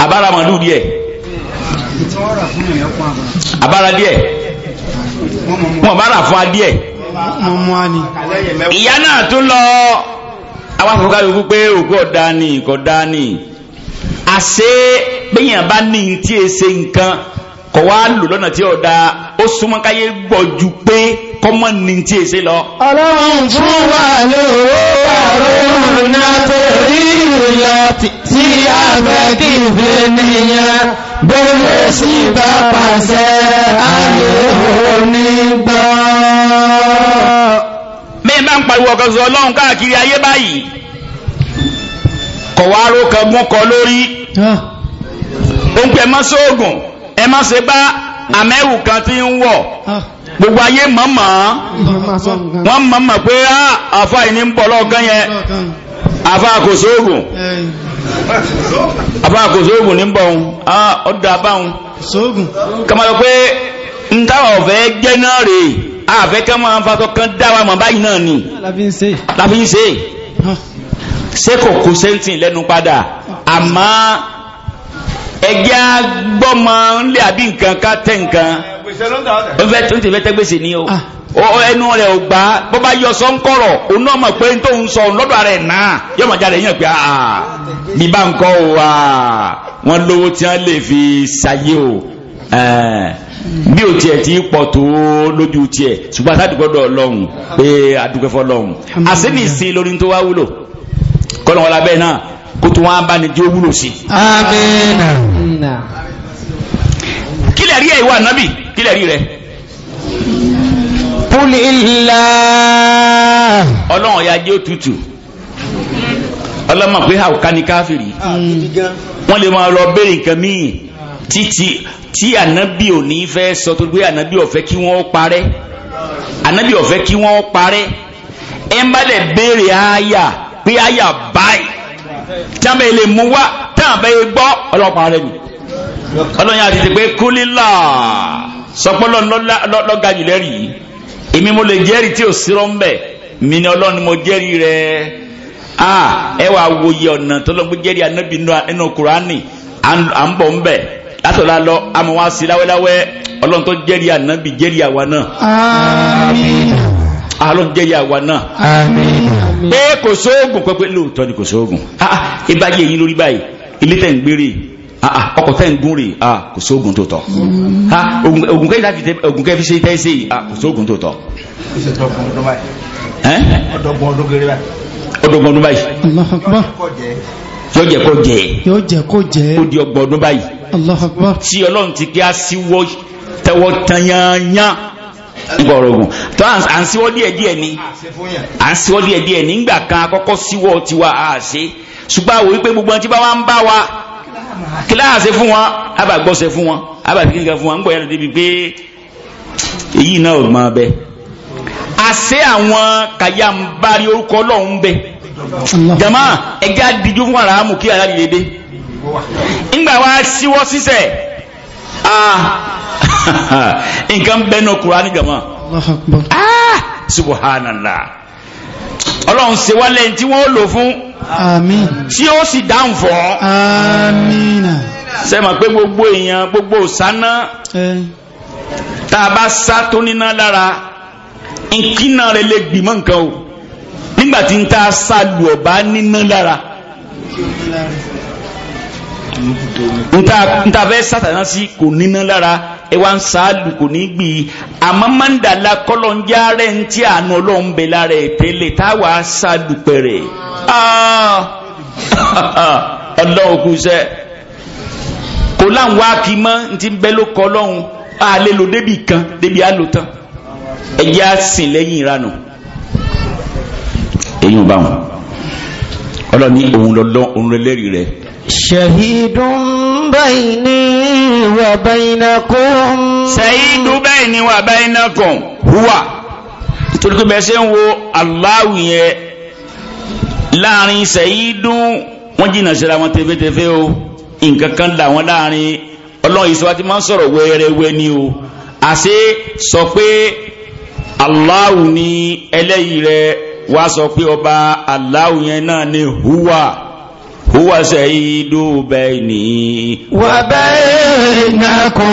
àbára màálù díẹ̀ àbára díẹ̀. wọ́n bá rà fún adíẹ̀ ìyá náà tó lọ àwọn pé òkú ọ̀dá ni ìkọ̀dá ni àṣé péyàn bá ní tí è e ṣe nǹkan kọ̀ wá lò lọ́nà tí ọ̀dá ó súnmọ́ káyé pé kọ́mọ́ e lọ. ọlọ́run fún wa àrùn náà tí a fẹ́ kí bẹ̀rẹ̀ sí bá pàṣẹ ayé onígbọ́. mi máa ń pariwo ọ̀kan sọ ọlọ́run káàkiri ayé báyìí kọ̀ wá ró kan gún kọ lórí ó ń pẹ́ mọ́ sóògùn ẹ má ṣe bá àmẹ́wù kan tí ń wọ̀ gbogbo ayé mọ̀mọ́ wọ́n mọ̀mọ́ pé ah, àfáà ìní ń bọ̀ lọ́ọ̀gán yẹn afáàkòsóògùn afáàkòsóògùn ní bọ̀ ọdọ̀ abáhùn kamalọ pé ń táwà ọ̀fẹ́ jẹ́ náà rè àfẹ́ ká máa ń fatọ́ kan dáwà mọ̀ báyìí náà ni láfi ń ṣe ṣé kò kó sẹ́ńtì lẹ́nu padà àmọ́ ẹgbẹ́ agbọ́mọ ńlẹ̀ àbí nǹkan ká tẹ̀ nǹkan ó fẹ́ tó ń tẹ̀ fẹ́ tẹ́gbèsè o. Ah ẹnu rẹ̀ ò gbá bó bá yọ sọ ń kọ̀rọ̀ òun náà mọ̀ pé n tó ń sọ lọ́dọ̀ rẹ̀ náà yóò mọ̀ jáde yàn pé àà ah, bí bá ń kọ́ o wa ah, wọ́n lówó tí wọ́n lè fi ṣayé o bí o tiẹ̀ ti pọ̀ tó lójú tiẹ̀ ṣùgbọ́n àtàdúgbọ́dọ̀ ọlọ́run pé àdúgbẹ́fọ́ ọlọ́run àṣẹ́nìsìn lórí tó wá wúlò kọ́nà wọn lábẹ́ náà kó tó wọ́n bá ní tí ó wúlò sí. kílẹ̀ rí ẹ̀ ìwà nábì kílẹ̀ rí rẹ̀ kúlì ilá ọlọ́run ọ̀yá jẹ́ òtútù ọlọ́mọ pé àwòká ni káfìrí wọ́n lè máa lọ béèrè nǹkan míì títí tí ànábì ò ní fẹ́ sọ tó gbé ànábì ò fẹ́ kí wọ́n parẹ́ ànábì ò fẹ́ kí wọ́n parẹ́ ẹ má lè béèrè àyà pé àyà báyìí tí a bẹ lè mú wá tí a bẹ gbọ́ ọlọ́pàá rẹ ni ọlọ́yin àti ti pé kúlílà sọpọ́lọ́ lọ́ga jùlẹ́rìí èmi mo lè jẹ́rìí tí ò sírọ́ ń bẹ̀ mi ni ọlọ́run mo jẹ́rìí rẹ̀ a ẹ wàá wòye ọ̀nà tó lọ́n gbé jẹ́rìí anábì nínú kùránì à ń bọ̀ ń bẹ̀ látọ̀lá lọ àmọ́ wá sí láwẹ́láwẹ́ ọlọ́run tó jẹ́rìí anábì jẹ́rìí àwa náà. àmín. ọlọ́run jẹ́rìí àwa náà. àmín. pé kò sóògùn pẹ́pẹ́ lóòótọ́ ni kò sóògùn. ìbáyé yín lórí báyìí ilé tẹ̀ ń gbére yìí Ah, ah, ọkọ̀ tẹ́ ń gún rè ah, kò sí ogun tó tọ̀ ogun kẹ́ ogun kẹ́ fi ṣe tẹ́ ṣe kò sí ogun tó tọ̀. ọdọgbọn ọdún báyìí. Allahu Akbar yóò jẹ kó jẹ yóò jẹ kó jẹ ó di ọgbọ̀n ọdún báyìí Allahu Akbar tí ọlọ́run ti kí a síwọ́ tẹwọ́ tanyanya nípa ọ̀rọ̀ ogun tó à ń síwọ́ díẹ̀ díẹ̀ ni à ń síwọ́ díẹ̀ díẹ̀ nígbà kan akọ́kọ́ síwọ́ tiwa àṣẹ ṣùgbọ́n àwọn wípé gbogbo ọtí bá wa ń bá wa kíláàsì fún wọn abàgbọ́sẹ̀ fún wọn abàgbẹ́gà fún wọn ń gbọ́yà débi pé èyí náà ò máa bẹ àṣẹ àwọn kàyàmbárí orúkọ ọlọ́run bẹ jama ẹja díjú fún aráàmù kí ara lè dé ńgbà wá síwọ́ sísẹ̀ ah. *laughs* nǹkan bẹ́ẹ̀ náà Kùránì jama ah. subhanallah ọlọ́run ṣe wá lẹ́yìn tí wọ́n lò fún tí ó sì dáhùn fọ́ sẹ́mọ̀ pé gbogbo èèyàn gbogbo sáná tá a bá sá tó níná lára nkínà rẹ̀ lè gbìmọ̀ nǹkan o nígbàtí ń tá sá lù ọ̀bá níná lára ń tá a fẹ́ sátàná sí kò níná lára ẹ wá ń sáàlù kò ní gbì í àmọ́ mọ́ndàlá kọ́lọ́njá rẹ̀ ń tí àánú ọlọ́run bẹ̀ lára ẹ̀ tẹ́lẹ̀ táwa sáàlù pẹ̀rẹ̀ ah! *laughs* ọlọ́run kù sẹ́ kò láwọn wá kí mọ́ ti ń bẹ́ ló kọ́ ọlọ́run àlẹ́ lò débì kan débì á tán ẹ̀jẹ̀ á sìn lẹ́yìn ìranù èyí ò bá wọn ọlọ́ni òun lọ́lọ́ òun lẹ́lẹ́rìí rẹ̀ شهيد بيني وبينكم شهيد بيني وبينكم هو torí pé bẹ́ẹ̀ ṣe ń wo aláwì yẹn láàrin ṣẹ̀yídùn wọ́n jìnnà síra wọn tefetefe o nǹkan kan là wọ́n láàrin ọlọ́run ìṣòwò ti máa ń sọ̀rọ̀ wẹ́rẹ́wẹ́ ni o àṣé sọ pé aláwù ni ẹlẹ́yìí rẹ̀ wá sọ pé ọba aláwù yẹn náà ni hùwà. هو سيد بيني وبينكم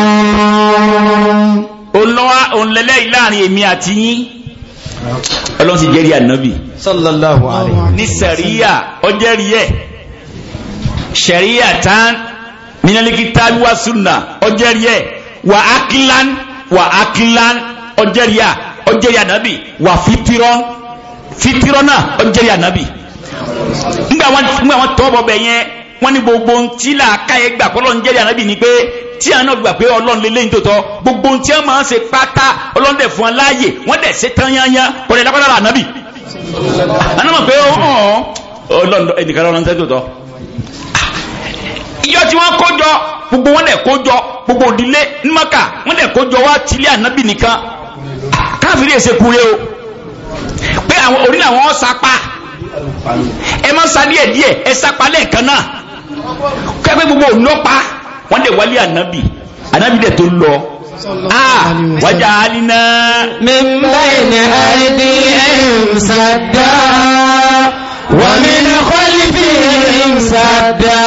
olùlẹ́lẹ́ ìlàrin èmi àti yín ọlọ́run ti jẹ́rí ànábì sallallahu alaihi ní sẹ̀ríyà ọjẹ́rí ẹ̀ sẹ̀ríyà tán mínálíkítà wà súnà ọjẹ́rí ẹ̀ wà ákílán wà ákílán ọjẹ́rí à ọjẹ́rí ànábì wà fítírọ́ fítírọ́ náà ọjẹ́rí ànábì nígbà wọn tọ́ bọ̀ bẹ̀ yẹn wọ́n ní gbogbo ntí là ká yẹ gbà kọ́ lọ́n jẹ́rìí ànábì ni pé tí àná gbà pé ọlọ́run lé lẹ́yìn tó tọ́ gbogbo ntí wọn máa ń ṣe pátá ọlọ́run dẹ̀ fún wọn láàyè wọ́n dẹ̀ ṣe tán yányá kọ́lẹ̀ lápá lára ànábì. àná mọ̀ pé ọlọ́run ẹnìkan lọ́run ṣe tó tọ́. ìjọ tí wọ́n kó jọ gbogbo wọn dẹ̀ kó jọ gbogbo òdílé ní Mákà wọ́n dẹ̀ kó jọ wá tilé ànábì nìkan káfíńdì èsè kúrẹ́ o pé àwọn orí làwọn ọ̀ ẹ má sa díẹ̀ díẹ̀ ẹ sapa lẹ́ẹ̀kan náà kẹ́gbẹ́ gbogbo ònọ́pa wọ́n dẹ̀ wálé ànábì ànábì dẹ̀ tó lọ ah, wájà alina. mímọ́ ìní àìdí ẹ̀yìn sàdá wà mí ní kọ́lífì ẹ̀yìn sàdá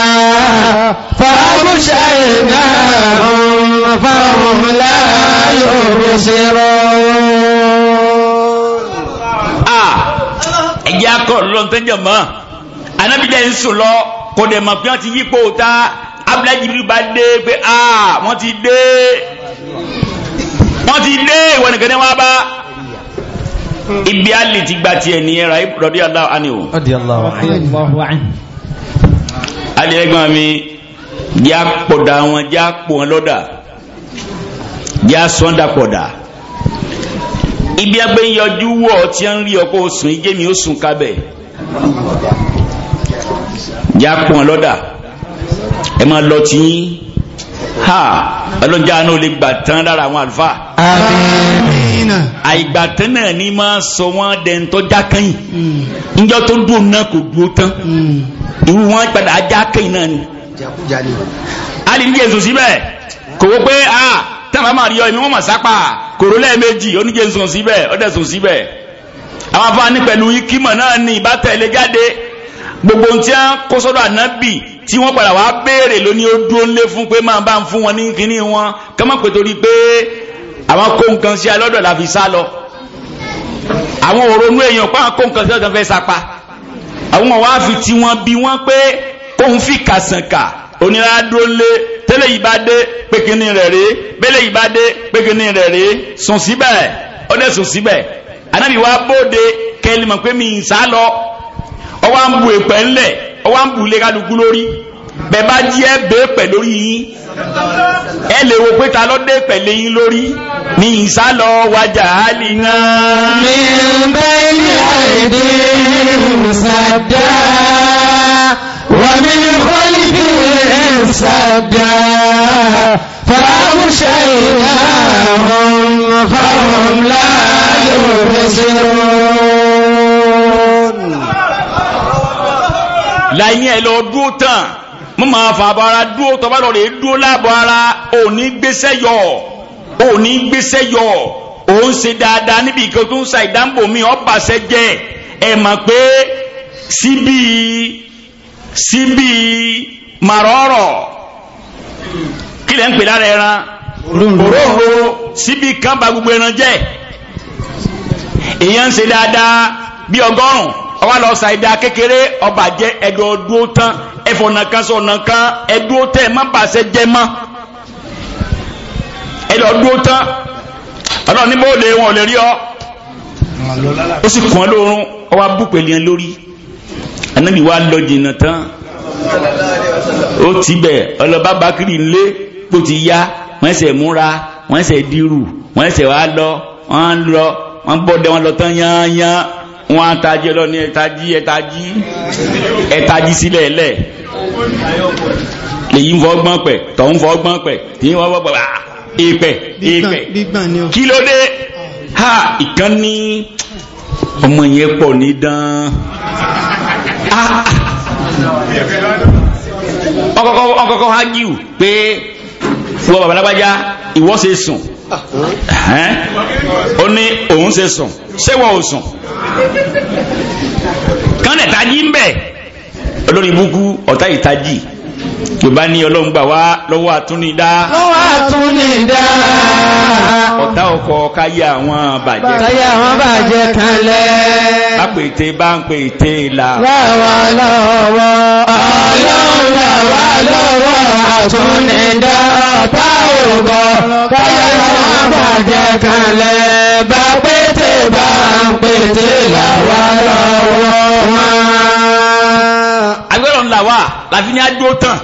fàábùṣà ìná fàáhùn láyò rẹ̀ ṣe rọrùn ẹ̀jẹ̀ akọ̀ lọ́ntẹ́jọ̀ mọ́ anábìdẹ́ ń sùn lọ kò dẹ̀ mọ̀ pé wọ́n ti yípo ta abúlé jìbìrì bá dé pé a wọ́n ti dé wọ́n ti dé ìwọ nìkan ní wọ́n bá ibi alì ti gba tiẹ̀ ní ẹ̀rọ rọ̀dí aláwọ̀ àni o. alì ẹ̀gbọ́n mi jẹ́ àpọ̀dà wọn jẹ́ àpò wọn lọ́dà jẹ́ àsọ̀ndàpọ̀dà ibi agbẹ́ yọjú wọ̀ tí ń rí ọkọ̀ oṣù ìjẹ́mi oṣù kábẹ̀ já pọ̀n lọ́dà ẹ máa lọ tí yín ha ọlọ́jà náà lè gbà tán lára àwọn àlùfáà. àmín. náà ni máa sọ wọn dẹ̀ntọ́ jákẹ́yìn níjọ́ tó dùn náà kò dúró tán irú wọn padà jákẹ́yìn náà ni. a lè ní jésù síbẹ̀ kò wọ́n pé a ah! táwọn máa rí ọ èmi wọ́n mọ̀ sápà kòrò lẹ́ẹ̀mejì oníjẹ sùn síbẹ̀ ọdẹ sùn síbẹ̀ àwọn afáàní pẹ̀lú ikímọ̀ náà ní ìbátẹ̀lé jáde gbogbo ohun tí a kó sọ́dọ̀ ànábì tí wọ́n padà wá béèrè lóní ó dúró lé fún pé máa bá ń fún wọn ní kíní wọn ká má pè torí pé àwọn kó nǹkan sí alọ́dọ̀ la fi sá lọ àwọn òronú èèyàn pa àwọn kó nǹkan sí ọ̀dọ̀ fẹ́ sapa àwọn wàá fi tiwọn bí wọn pé kóun fi kàsànkà onira dúró lé tẹ́lẹ̀ yìí bá dé pé kíní rẹ̀ rèé bẹ́lẹ̀ yìí bá dé pé kíní rẹ̀ rèé sùn síbẹ̀ ó dẹ̀ sùn síbẹ̀ anabi wa bóde kẹ́lí pé mi ń sá lọ ọwọ́ à ń bu èpè ńlẹ̀ ọwọ́ à ń bu ilé kálukú lórí bẹ́ẹ̀ bá jí ẹ bẹ́ẹ̀ pẹ̀ lórí yín ẹ lè wo pé ta ló dé pẹ̀lẹ́ yín lórí ní ìsálọ wájà hálì náà. mi ń bẹ́ ilé àìdí ìmùsàdá wà mí kọ́lá. بالإنس أبدا فأغشيناهم فهم لا يبصرون láyé ẹ lọ dúó tán mo máa fa àbọ̀ ara dúó tọ́ba lọ rè dúó láàbọ̀ ara ò ní gbéṣẹ́ yọ ò ní yọ ò ń ṣe dáadáa níbi ìkan tó ń sa ìdáǹbò mi ọ̀bàṣẹ jẹ ẹ mọ̀ pé síbi síbi màrọ́rọ̀ kílẹ̀ ń pè lára ẹran òróǹro síbi kan ba gbogbo ẹran jẹ́ èèyàn ń ṣe dáadáa bí ọgọ́rùn ọwọ́ lọ sa ìdá kékeré ọba jẹ́ ẹ̀dọ̀ ọdún tán ẹ̀fọ̀nà kan sọ̀nà kan ẹ̀dúró tẹ̀ má bàṣẹ jẹ́ mọ́ ẹ̀dọ̀ ọdún tán ọlọ́run ní bóòlù wọn ò lè rí ọ ó sì kàn án lórun ọwọ́ abúpẹ̀lẹ̀ lórí anábìwá lọ jìnnà tán ó ti bẹ̀ ọlọ́ba bakiri ńlé kó ti yá wọ́n ṣe múra wọ́n ṣe dirù wọ́n ṣe wá lọ wọ́n lọ wọ́n bọ́dẹ̀ wọn lọ tán yányán wọ́n atají ọlọ́ni ẹ̀tají ẹ̀tají ẹ̀tají sílẹ̀ ẹ̀lẹ̀ lèyí ń fọ́ gbọ́n pẹ̀ tọ̀ fọ́ gbọ́n pẹ̀ tí wọ́n fọ́ gbọ́n ìpẹ̀ ìpẹ̀ kí ló dé ha ìkànnì ọmọ yẹn pọ̀ ní dán. Ah, ọkọ̀kọ̀ hagiu pé wọ babalábájá ìwọ ṣe sùn ó ní òun ṣe sùn ṣé wọ́n ò sùn kánẹ̀ tají ń bẹ̀ olórí búkú ọ̀tá ìtají yorùbá ní ọlọ́run gbà wá lọ́wọ́ àtúnidá. lọ́wọ́ àtúnidá. ọ̀tá ọkọ̀ káyé àwọn bàjẹ́. káyé àwọn bàjẹ́ kalẹ̀. bá pète bá ń pète là. láwa lọ́wọ́ ọlọ́run làwa lọ́wọ́ àtúnidá. ọ̀tá ọkọ̀ káyé àwọn bàjẹ́ kalẹ̀. bá bá ń pète làwa lọ́wọ́ wọn làwà láfi ní adó tán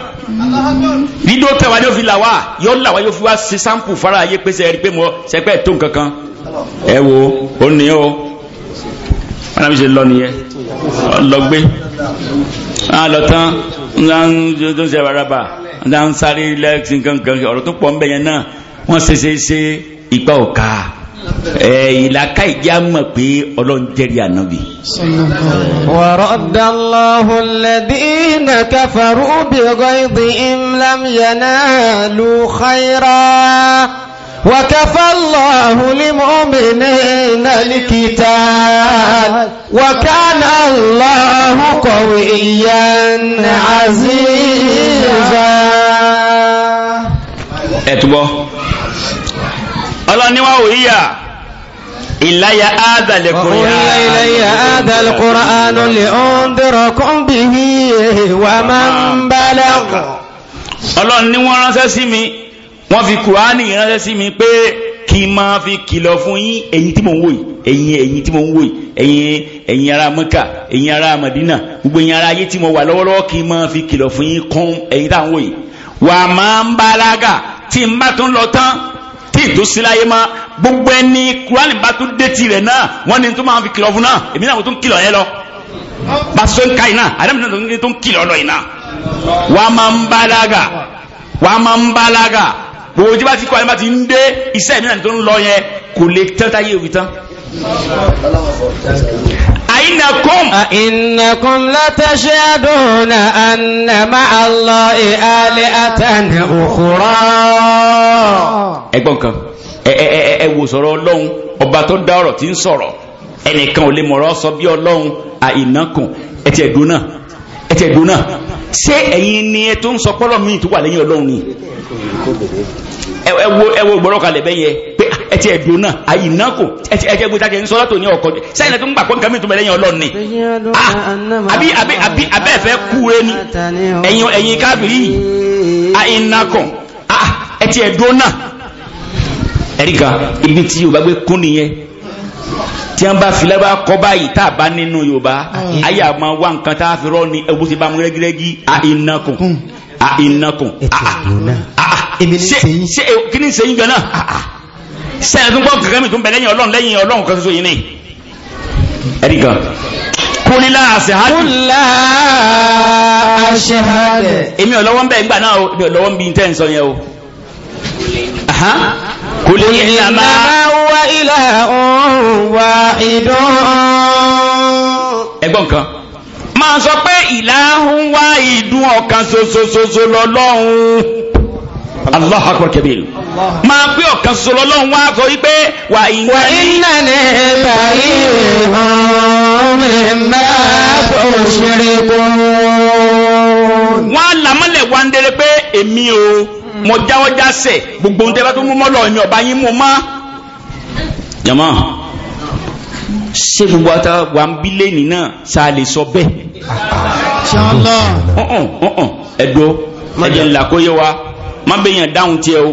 bí dó tán wa yóò fi làwà yóò làwà yóò fi wá sí sampo fara ayé pé sẹ́yìn pé mo sẹ́pẹ́ tó nǹkan kan ẹ wo ó ní o wọn náà fi ṣe lọ nìyẹn ọlọgbé náà lọ tán ń tó ń ṣe baraba ń sáré lẹ́ẹ̀kì kankan ọ̀rọ̀ tó pọ̀ ń bẹ̀yẹn náà wọ́n ṣe ṣe ṣe ipa ọ̀ka ìlàkà ìjà mọ̀ pé ọlọ́run jẹ́rìí ànábì. wa raddallahu alladhina kafaru bighayzihim lam yanalu khayra wa kafallahu lilmu'minina al-qital wa kana ọlọ́niwá òyíyà ìláyà ádàlẹ̀ kùránù lè ọ́n dẹ̀rọ kọ́nbìhì wà máa ń bá lẹ́kọ̀ ọlọ́ni wọ́n ránṣẹ́ sí mi wọ́n fi kùránì ránṣẹ́ sí mi pé kí n máa fi kìlọ̀ fún yín èyí tí mò ń wò yìí ẹ̀yin tí mo ń wò ẹ̀yin ẹ̀yin ará mẹ́kà ẹ̀yin ará madina gbogbo ẹ̀yin ará ayé tí mo wà lọ́wọ́lọ́wọ́ kí n fi kìlọ̀ fún yín kún ẹ̀yin tá ń wò wà máa ń balaga tí n bá tún lọ tán tí ìtò síláyé má gbogbo ẹni kúránì bá tún dé tirẹ̀ náà wọ́n ní tó máa fi kìlọ̀ fún náà èmi náà mo tún kìlọ̀ yẹn lọ bá a sọ ń ka yìí náà àdàmì náà tó ń kìlọ̀ lọ yìí náà wà á máa ń balaga wà á máa ń balaga gbogbo jí ti kọ́ ẹ bá ti ń dé iṣẹ́ mi náà tó ń lọ yẹn kò lè tẹ́tà yé òbí tán. أئنكم أئنكم لتشهدون أن مع الله آلهة أخرى ẹgbọ́n kan ẹ wo sọ̀rọ̀ ọlọ́run ọba tó dá ọ̀rọ̀ tí ń sọ̀rọ̀ ẹnìkan ò lè mọ̀rọ̀ sọ bí ọlọ́run àìnákùn ẹ̀tì ẹ̀dùn náà ẹ̀tì ẹ̀dùn náà ṣé ẹ̀yin ni ẹ tó ń sọ pọ́lọ́ míì tó wà lẹ́yìn ọlọ́run ni ẹ wo ìgbọ́rọ̀ kalẹ̀ bẹ́yẹ pé ẹtì ẹ̀dùn náà àyìnà kò ẹtì ẹjẹ́ gbé jáde ńsọ́lá tó ní ọkọ̀ sẹ́yìn lẹ́tọ́ ń gbà kọ́ńkà mi tó mẹ́lẹ́yìn ọlọ́run ni ah, àbí àbí àbí abẹ́ẹ̀fẹ́ kúre ni ẹ̀yin ẹ̀yin kábìrì àyìnà kọ̀ ah, ẹtì ẹ̀dùn náà ẹ̀ríkà ibi tí Yorùbá gbé kún nìyẹn tí wọ́n bá filẹ̀ bá kọ́ báyìí tá a bá nínú Yorùbá ayé àmọ́ wá nǹkan tá a fi rọ́ ni ẹgbẹ́ bá mú rẹ́gírẹ́gí àyìnà kọ̀ àyìnà kọ̀ àà ṣe kí ni sẹ́yìn gan náà. Ah, sẹ́yìn tó ń mi tó ń lẹ́yìn ọlọ́run lẹ́yìn ọlọ́run kan ṣoṣo yìí ni ẹ̀rí kan kúnlá àṣehádì kúnlá àṣehádì èmi ọlọ́wọ́ ń bẹ̀ ńgbà náà èmi ọlọ́wọ́ ń bí tẹ́ ń sọ yẹn o kò lè yẹ ilà wá ìdán ẹgbọ́n kan máa sọ pé ìlà ń wá ìdún ọ̀kan ṣoṣoṣoṣo lọ́lọ́run Allahu akbar kabir máa pé ọ̀kan ṣoṣo lọ́lọ́run wá sọ wípé wà ìyá iná ní ìbàrí ìhàn mẹ́ta òṣèré kún. wọ́n á làmọ́lẹ̀ wá ń délé pé èmi o mo jáwọ́ jásẹ̀ gbogbo ohun tẹ́ tó mú mọ́ lọ́ọ̀ ọ̀bá yín mú mọ́. jama ṣé gbogbo ata wà ń bí lẹ́nìí náà ṣáà lè sọ bẹ́ẹ̀. ṣọlọ. ẹ̀dọ́ ẹ̀jẹ̀ ńlá kó yẹ wa má bẹ yàn dáhùn tiẹ̀ o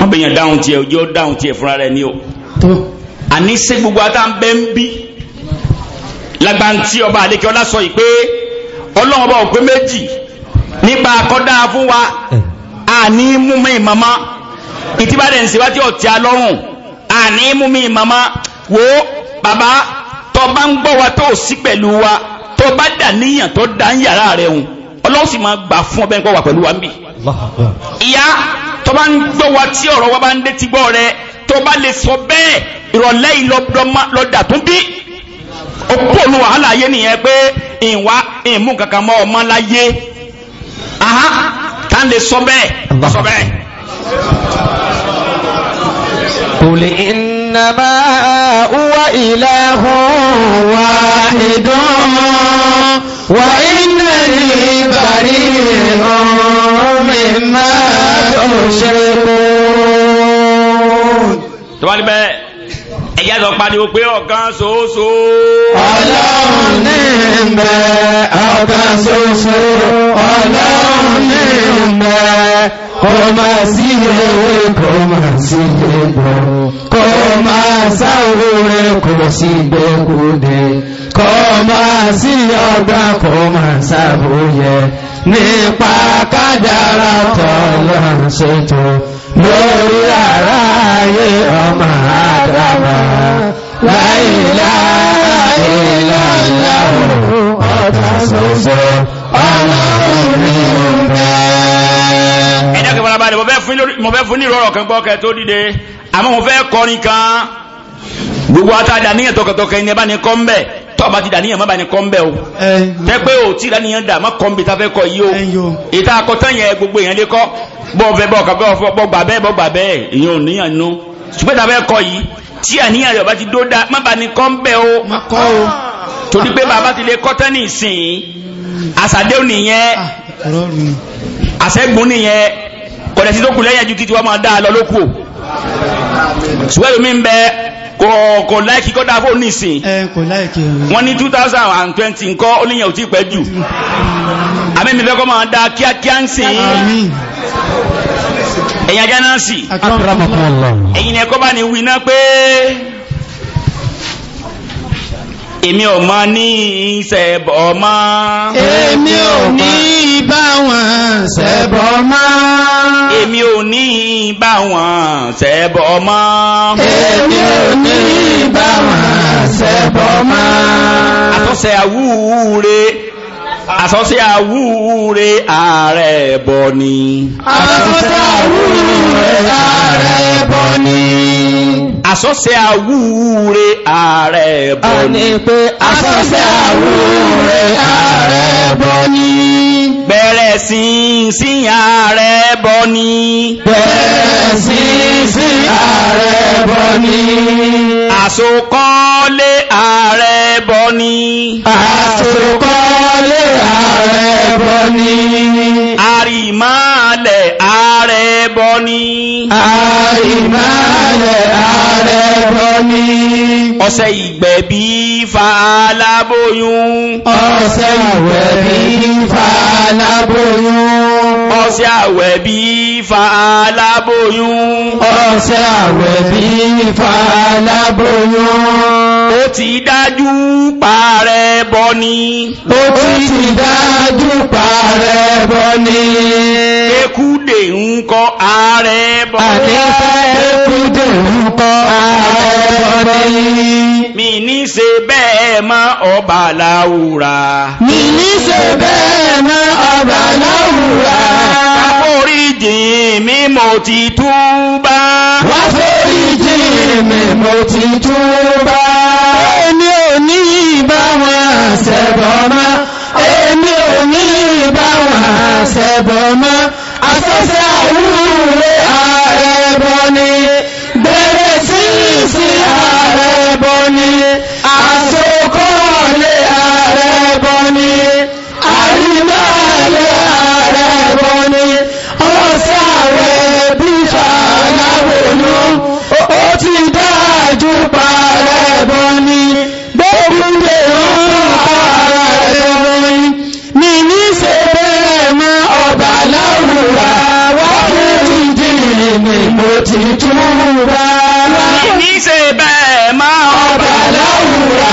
má bẹ yàn dáhùn tiẹ̀ o jẹ́ dáhùn tiẹ̀ fúnra rẹ̀ ni o. àní ṣe gbogbo ata ń bẹ́ ń bí lagbantí ọba àlekè ọlá sọ yìí pé ọlọ́run ọba òpé méjì nípa akọ́dá fún wa àní mú mi màmá ìtìbádẹ́ ǹsẹ̀wá tí ọ̀tí alọ́run àní mú mi màmá wo bàbá tó bá ń gbọ́ wa tó sí pẹ̀lú wa tó bá dà níyàn tó dá ń yàrá rẹ̀ hùn ọlọ́run sì máa gbà fún ọbẹ̀ nípa wà pẹ̀lú wa ń bì ìyá tó bá ń gbọ́ wa tí ọ̀rọ̀ wa bá ń dé ti gbọ́ rẹ tó bá lè sọ bẹ́ẹ̀ ìrọ̀lẹ́ ìlọ́dà tó bí òkú òlu wàhálà ayé nìyẹn pé ìwà ìmú kankan mọ́ ọmọ láyé tá ń lè sọ bẹ́ẹ̀ sọ bẹ́ẹ̀. قل إنما هو إله واحد وإن بريء مما تشركون tọ́wálí bẹ́ẹ̀ ẹ̀yà lọ pariwo pé ọ̀kan ṣoṣo. ọlọ́run ní bẹ́ẹ̀ ọ̀kan ṣoṣo ọlọ́run ní bẹ́ẹ̀ kọ́ máa sí rẹ̀ kọ́ máa sí rẹ̀ bọ̀ kọ́ máa sáwò rẹ̀ kọ́ sí gbẹ́kúdẹ̀ kọ́ máa sí ọgbà kọ́ máa sáwò yẹ nípa kádàrà tọ́lọ́ ṣètò lórí ara ayé ọmọ àdàbà láìláà ìlànà ọ̀tà ṣoṣo ọlọ́run balẹ̀ mo fẹ́ fún ní ìrọ̀rọ̀ kan gbọ́ kẹ́ tó dìde àmọ́ mo fẹ́ kọrin kan gbogbo ata dàníyàn tọkàntọkà ẹni ẹbá ni kọ́ ń bẹ̀ tọ́ ọba ti dàníyàn má ba ni kọ́ ń bẹ̀ o tẹ́ pé o tí dàníyàn dà má kọ́ ń bẹ̀ tá fẹ́ kọ́ yìí o ìta akọ́tàn yẹn gbogbo èèyàn lé kọ́ bọ́ ọ̀fẹ́ bọ́ ọ̀kà bọ́ gbà bẹ́ẹ̀ bọ́ gbà bẹ́ẹ̀ èèyàn ò níyàn nú ṣùgbọ́n tá fẹ́ kọ́ yìí tí àníyàn rẹ̀ ọba ti dó dá má ba ni kọ́ ń bẹ̀ o torí pé bàbá ti lè kọ́tàn nìsín àṣàdéhùn nìyẹn ah, àṣẹ́gun nìyẹn kọ̀dẹ̀ sí tó kù lẹ́yìn ju títí wọ́n máa dáa lọ lókù o ṣùgbọ́n èmi ń bẹ kò láìkí kọ́ dáa fóònù nìsín wọ́n ní two thousand and twenty ńkọ́ ó níyàn ò tí ì pẹ́ jù àmì mi fẹ́ kọ́ máa dáa kíákíá ń sìn ẹ̀yin ajá náà sì ẹ̀yin ẹ̀kọ́ bá ní wí náà pé èmi ò mọ ní ìṣẹ̀bọ̀ mọ́ èmi ò ní bá wọn ṣẹ̀bọ̀ mọ́ èmi ò ní bá wọn ṣẹ̀bọ̀ mọ́ èmi ò ní bá wọn ṣẹ̀bọ̀ mọ́ àtọ́sẹ̀ àwúre àsọ́sẹ́ àwúre ààrẹ ẹ̀bọ̀ ni àsọ́sẹ́ àwúre ààrẹ ẹ̀bọ̀ ni àsọ́sẹ́ àwúre ààrẹ ẹ̀bọ̀ ni pé àsọ́sẹ́ àwúre ààrẹ ẹ̀bọ̀ ni bẹ̀rẹ̀ sí sí ààrẹ ẹ̀bọ̀ ni bẹ̀rẹ̀ sí sí ààrẹ ẹ̀bọ̀ ni àsokọ́lé ààrẹ bọ́ ni. àsokọ́lé ààrẹ bọ́ ni. àrìmálẹ̀ ààrẹ bọ́ ni. àrìmálẹ̀ ààrẹ bọ́ ni. ọ̀sẹ̀ ìgbẹ̀bí fa aláboyún. ọ̀sẹ̀ ìgbẹ̀bí fa aláboyún. ọ̀sẹ̀ àwẹ̀bí fa aláboyún ọ̀sẹ̀ àwẹ̀ bí fa aláboyún ó ti dájú parẹ́ bọ́ ni ó ti dájú parẹ́ bọ́ ni ekúdè ń kọ́ ààrẹ bọ́ ni ekúdè ń kọ́ ààrẹ bọ́ ni mi ní ṣe bẹ́ẹ̀ má ọba láwùrà mi ní ṣe bẹ́ẹ̀ má ọba láwùrà jìn mí mo ti túbá. wá forí jìn mí mo ti túbá. èmi ò ní bá wọn ṣẹbọ mọ́. ò ní bá wọn ṣẹbọ àṣẹṣẹ àwúrẹ́ ààrẹ bọ́ ni. ti túbà wá. Ní ṣe bẹ́ẹ̀ máa ọba láwùrà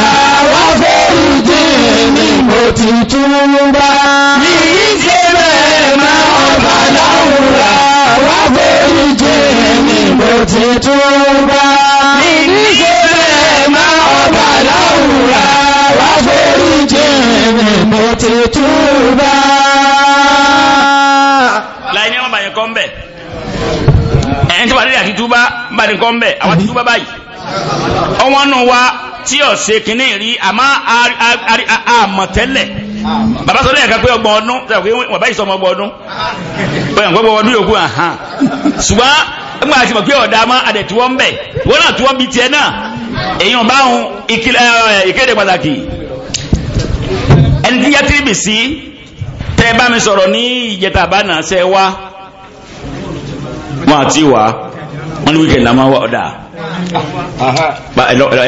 wá mi mo ti túbà. Ní ṣe bẹ́ẹ̀ máa ọba láwùrà wá mi mo ti túbà. Ní ṣe bẹ́ẹ̀ máa ọba láwùrà wá mi mo ti ní kọ́ mbẹ́ àwọn ti túbọ̀ báyìí ọwọ́n nù wa tí ò ṣe kínní rí àmọ́ àmọ̀tẹ́lẹ̀ bàbá sọ lẹ́yìn kan pé ọgbọ̀n ọdún tẹ̀ pé wọ́n báyìí sọ ọmọ ọgbọ̀n ọdún bóyá nǹkan ọgbọ̀n ọdún yòókù hàn ṣùgbọ́n ẹgbẹ́ àti mọ̀ pé ọ̀dà mọ́ adẹ̀tiwọ́ ń bẹ̀ wọ́n náà tiwọ́ bí tiẹ̀ náà èèyàn bá ń ìkéde pàtàkì ẹni tí yá tìrìbì sí tẹ́ bá mi sọ̀rọ̀ ní ìjẹta àbánà ṣẹ́ wá wọn àti wàá wọ́n ní wíkẹ̀ lámà wà ọ̀dà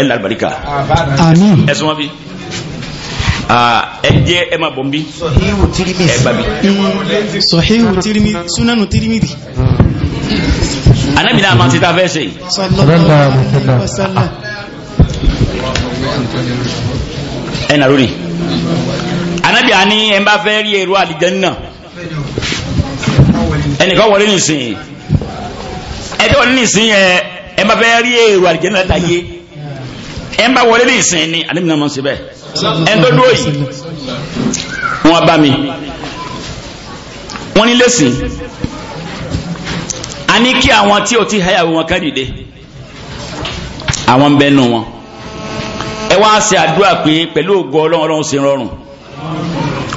ẹ̀ lálùbáríkà ẹ̀sùn wọn bí ẹ jẹ́ ẹ máa bọ̀ bí ẹ gbà bí. sọ̀híhù tìrìmì súnánù tìrìmì rì. anábìlẹ̀ àmà ti ta fẹ́ ṣe. ẹ nà lórí anabi ani ẹ bá fẹ́ rí èrò àlìjẹ́ náà ẹnìkan wọlé nìsín ẹjọ́ ní ìsìn yẹn ẹ máa fẹ́ rí èrò àdìjẹ́ náà láyé ẹ máa wọlé ní ìsìn ni àlẹ́ mi náà mọ̀ sí bẹ́ẹ̀ ẹ tó dúró yìí wọ́n bá mi wọ́n ní lẹ́sìn a ní kí àwọn tí o ti háyàwó wọn ká dìde àwọn ń bẹ́nu wọn ẹ wá ṣe àdúrà pé pẹ̀lú ògo ọlọ́run ọlọ́run ṣe rọrùn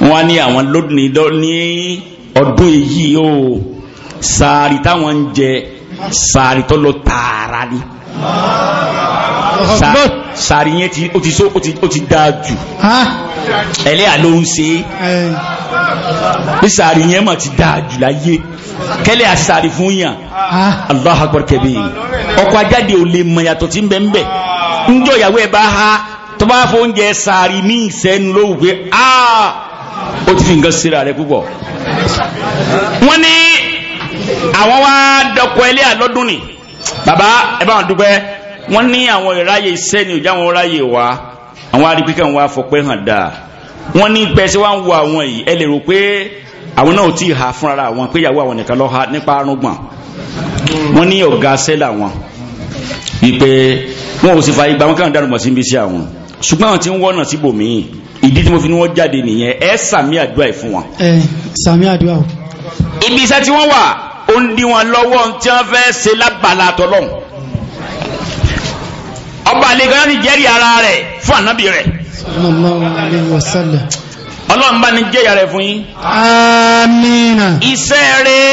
wọn ní àwọn lónìí ọdún èyí ó sàárì táwọn ń jẹ sàárì tó lọ tààrà ni sàárì yẹn ó ti dáa jù ẹlẹ́yà ló ń ṣe bí sàárì yẹn mà ti dáa jù láyé kẹ́lẹ́ àti sàárì fún yàn Allahu Akbar kẹ́bí ọkọ̀ ajáde ò lè mọ̀ yàtọ̀ tí ń bẹ ń bẹ ńjọ ìyàwó ẹ̀ bá ha tó bá fọ oúnjẹ sàárì ní ìsẹ́nu lówù pé ó ti fi nǹkan síra rẹ̀ púpọ̀ wọ́n ní àwọn wa dọkọ ẹlẹ́yà lọ́dún ni bàbá ẹ bá wọn dúpẹ́ wọ́n ní àwọn ìráyè iṣẹ́ ni òjá àwọn ráyè wá àwọn arípíkà wọn afọpẹ́ hàn dáa wọ́n ní gbẹ̀sẹ̀ wá ń wo àwọn yìí ẹ lè rò pé àwọn náà ti hà fúnra wọn pé ìyàwó àwọn nìkan lọ́ha nípa arúgbọ̀n wọ́n ní ọ̀gá sẹ́là wọn wípé wọn ò sì fa igba wọn kàn dárúgbọ̀n sí ibi sí àwọn ṣùgbọ́n àwọn tí ń wọ́nà síbòmíì ìdí tí mo fi ní wọ́n jáde nìyẹn ẹ sàmì àdúrà ẹ̀ fún wọn. ibi iṣẹ́ tí wọ́n wà ó ń dí wọn lọ́wọ́ tí wọ́n fẹ́ ṣe lágbàlá àtọ́lọ́hùn ọba àlegan ni jẹ́rìí ara rẹ̀ fún ànábì rẹ̀ ọlọ́run bá ní jẹ́yà rẹ̀ fún yín amínà iṣẹ́ rẹ̀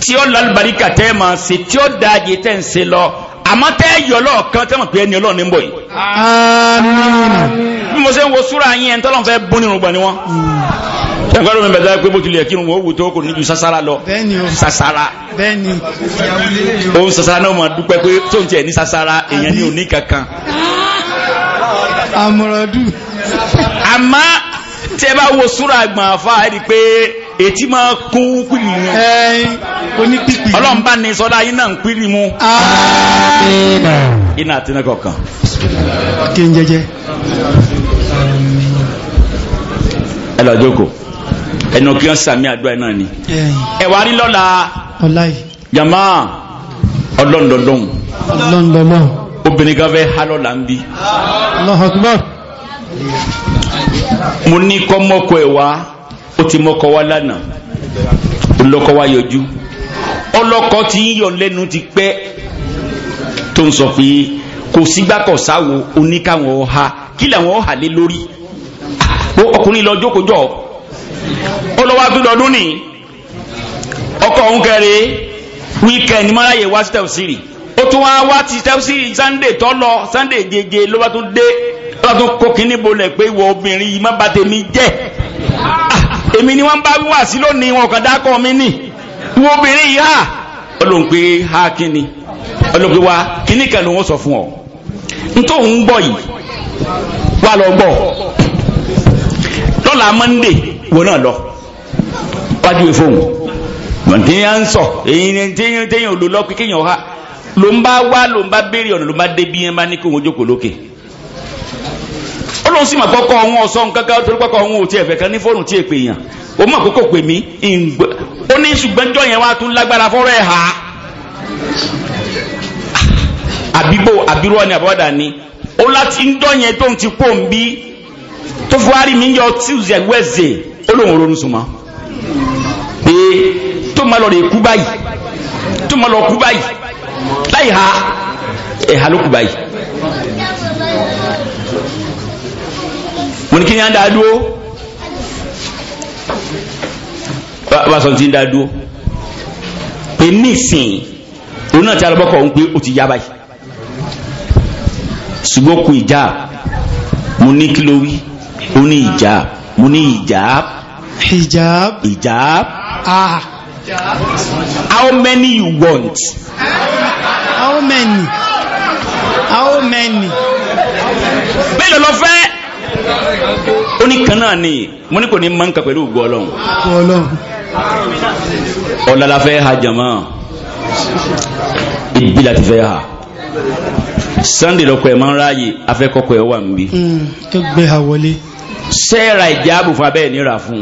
tí ó lálùbáríkà tẹ́ máa ṣe tí ó dáàjì tẹ́ ń ṣe lọ àmọ́ tẹ́ yọ lọ́ọ̀kan tẹ́ mọ̀ pé ẹni ọlọ́run ní bọ̀ yìí. àmín. bí mo ṣe ń wo súra yín ẹni tọ́lọ́run fẹ́ bún nínú gbọ̀n ni wọ́n. Mm ẹgbẹ́ lómi bẹ̀rẹ̀ pé bó tilẹ̀ kírun wọ́n wù tó kò níjú sasara lọ sasara òun sasara náà mà dúpẹ́ pé tó ń tiẹ̀ ní sasara èèyàn ní kankan. àmọ̀rọ̀dù. àmọ́ tẹ́ bá wo súra àgbọ̀n àfa ẹ̀ pé ètí máa kún pìrì mu. oní ni sọ́dá yín náà ń pìrì mu. iná àti iná kọ̀ọ̀kan. kí n jẹjẹ. ẹ lọ jókòó ẹnu kí wọ́n sàmì àdúrà náà ni ẹ̀wà rí lọ́la jama ọlọ́ndọ̀dọ̀n obìnrin kan fẹ́ há lọ́la ń bí mo ní kọ́ mọ́kọ ẹ̀ wá ó ti mọ́kọ wá lánàá olọ́kọ wá yọjú ọlọ́kọ tí ń yọ lẹ́nu ti pẹ́ tó ń sọ pé kò sígbàkọ̀ sáwo oníkàwọn ọha kí làwọn ọha lé lórí ọkùnrin lọ jókòjọ́ olówó abúlọ́dún ni ọkọ̀ òun kẹrẹ wíkẹ́ndì mọ́láyè wá sí tẹ̀síìrì ó tún wá wá ti tẹ̀síìrì sunday tó lọ sunday gègé ló bá tún dé ló bá tún kó kínní bolẹ̀ pé ìwọ obìnrin yìí má bà tèmi jẹ́ ah, èmi ni wọ́n bá wá sí lónìí wọn kàn dákọ̀ mi nì ìwọ obìnrin yìí hà ah! olóhùn pé ha kínni olóhùn pé wá kínní kan ló ń sọ fún ọ ntòun gbọ́ yìí wà lọ gbọ́ lọ́la monday wọn náà lọ wájú ìfòhùn tí a ń sọ èyí téyàn téyàn ló lọ́pẹ́ kéyàn ha ló ń bá wá ló ń bá béèrè ọ̀nà ló ń bá dé bí yẹn bá ní kí òun jókòó lókè ọlọ́run sì mà kọ́kọ́ ọ̀hún ọ̀sán kankan torí pọ́kọ́ ọ̀hún ò tiẹ̀ kan ní fóònù tí èpè yàn ó mà kókò pè mí ó ní ṣùgbọ́n yẹn wá tún lágbára fọ́rọ̀ ẹ̀ ha àbíbò àbírọ́ ni àbọ̀dà ni ó láti ń jọ yẹn tóun ti pò ń bí tó fi wá mi yọ tíwùzẹ̀ wẹ́ẹ̀zẹ̀ ó lóun ronú sùnmọ́ pé tó máa lọ rè kú báyìí tó máa lọ kú báyìí láì ha ẹ̀ha ló kú báyìí. mo ní kí ni à ń da dúró bá a sọ ti ń da dúró pé nísìnyí òun náà ti alọ́bọ́kọ̀ òun pé ó ti yá báyìí ṣùgbọ́n kò ìjà mo ló wí ó ní ìjà mo ní hijab hijab hijab ah how many you want how many how many bẹ́ẹ̀ lọ fẹ́ ó ní kan náà ni mo ní kò ní máa ń ka pẹ̀lú ògùn ọlọ́run ọ̀làlà fẹ́ ha jama ibi láti fẹ́ ha sunday lọkọ̀ ẹ̀ máa ń ráàyè afẹ́kọ̀kọ̀ ẹ̀ wà ń bí. kẹgbẹ́ sẹ́ẹ̀ra ìjáàbù fún abẹ́ ìnira fún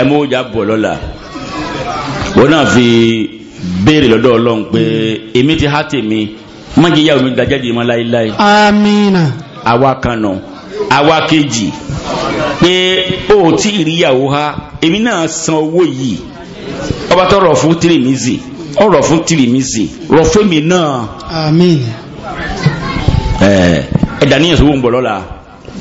ẹmú ìjáàbù ọlọ́la wọ́n náà fi béèrè lọ́dọ̀ ọlọ́run pé èmi ti há tèmi má jẹ́ ìyá omi dájẹ́ jì mọ́ láíláí amina àwa kanà àwa kejì pé ó tí ìríyàwó ha èmi náà san owó yìí ọba tó rọ̀ fún tìrìmìzì ọ̀rọ̀ fún tìrìmìzì rọ̀ fún mi náà àmín ẹ̀ẹ́dà níyànsó wọ́n bọ̀ lọ́la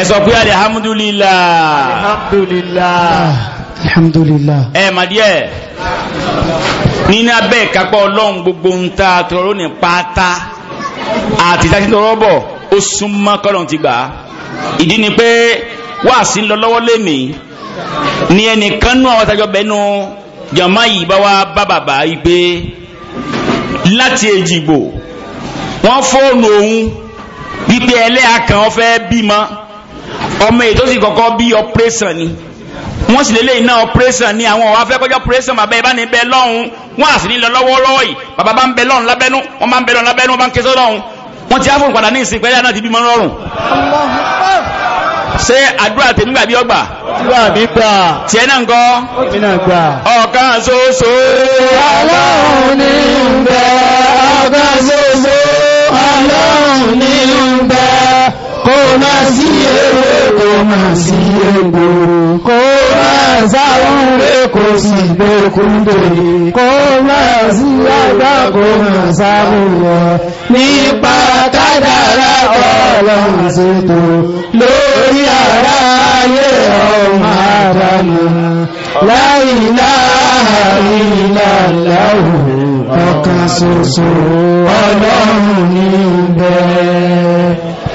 ẹ sọ pé alihamudulila alihamudulila alihamudulila ẹ màdíẹ̀ nínú abẹ́ ìkápọ̀ ọlọ́run gbogbo ń ta tọrọ ní pátá àti ìtàkì tọrọ bọ̀ ó súnmọ́ kọ́lọ̀ ti gbà ìdí ni pé wàá sí lọ lọ́wọ́ lémi ni ẹnìkan nú àwọn tajọ bẹnu jàmá yìí bá wá bá bàbá yìí láti èjìgbò wọ́n fóònù òun wípé ẹlẹ́yà kan fẹ́ bímọ ọmọ èyí tó sì kọ́kọ́ bí operation ni wọ́n sì lélẹ́yìn náà operation ni àwọn ọ̀wá fẹ́ kọjá bàbá ẹ bá ní bẹ lọ́hùn wọ́n àsì ní lọ lọ́wọ́lọ́wọ́ yìí bàbá bá ń bẹ lọ́hùn lábẹ́nú wọ́n bá ń bẹ lọ́hùn lábẹ́nú wọ́n bá ń ké sọ́lọ́hùn wọ́n ti áfóònù padà ní ìsìn pẹ́lẹ́ náà ti bímọ lọ́rùn. ṣé àdúrà tèmi gbàbí ọgbà. àdúrà mi gbà. tiẹ̀ náà ń kọ́. mi náà gbà. ọ̀kan ṣoṣo. ọlọ́run ní ń bẹ ọ̀kan ṣoṣo ọlọ́run ní ń bẹ kó má sí ewé kó má sí egbò kó má sáwúré kó sì gbé kúndé kó má sí àgbà kó má sáwúrọ̀ nípa kádàrá ọlọ́run ṣètò lórí ara ayé ọmọ ní bẹ́ẹ̀.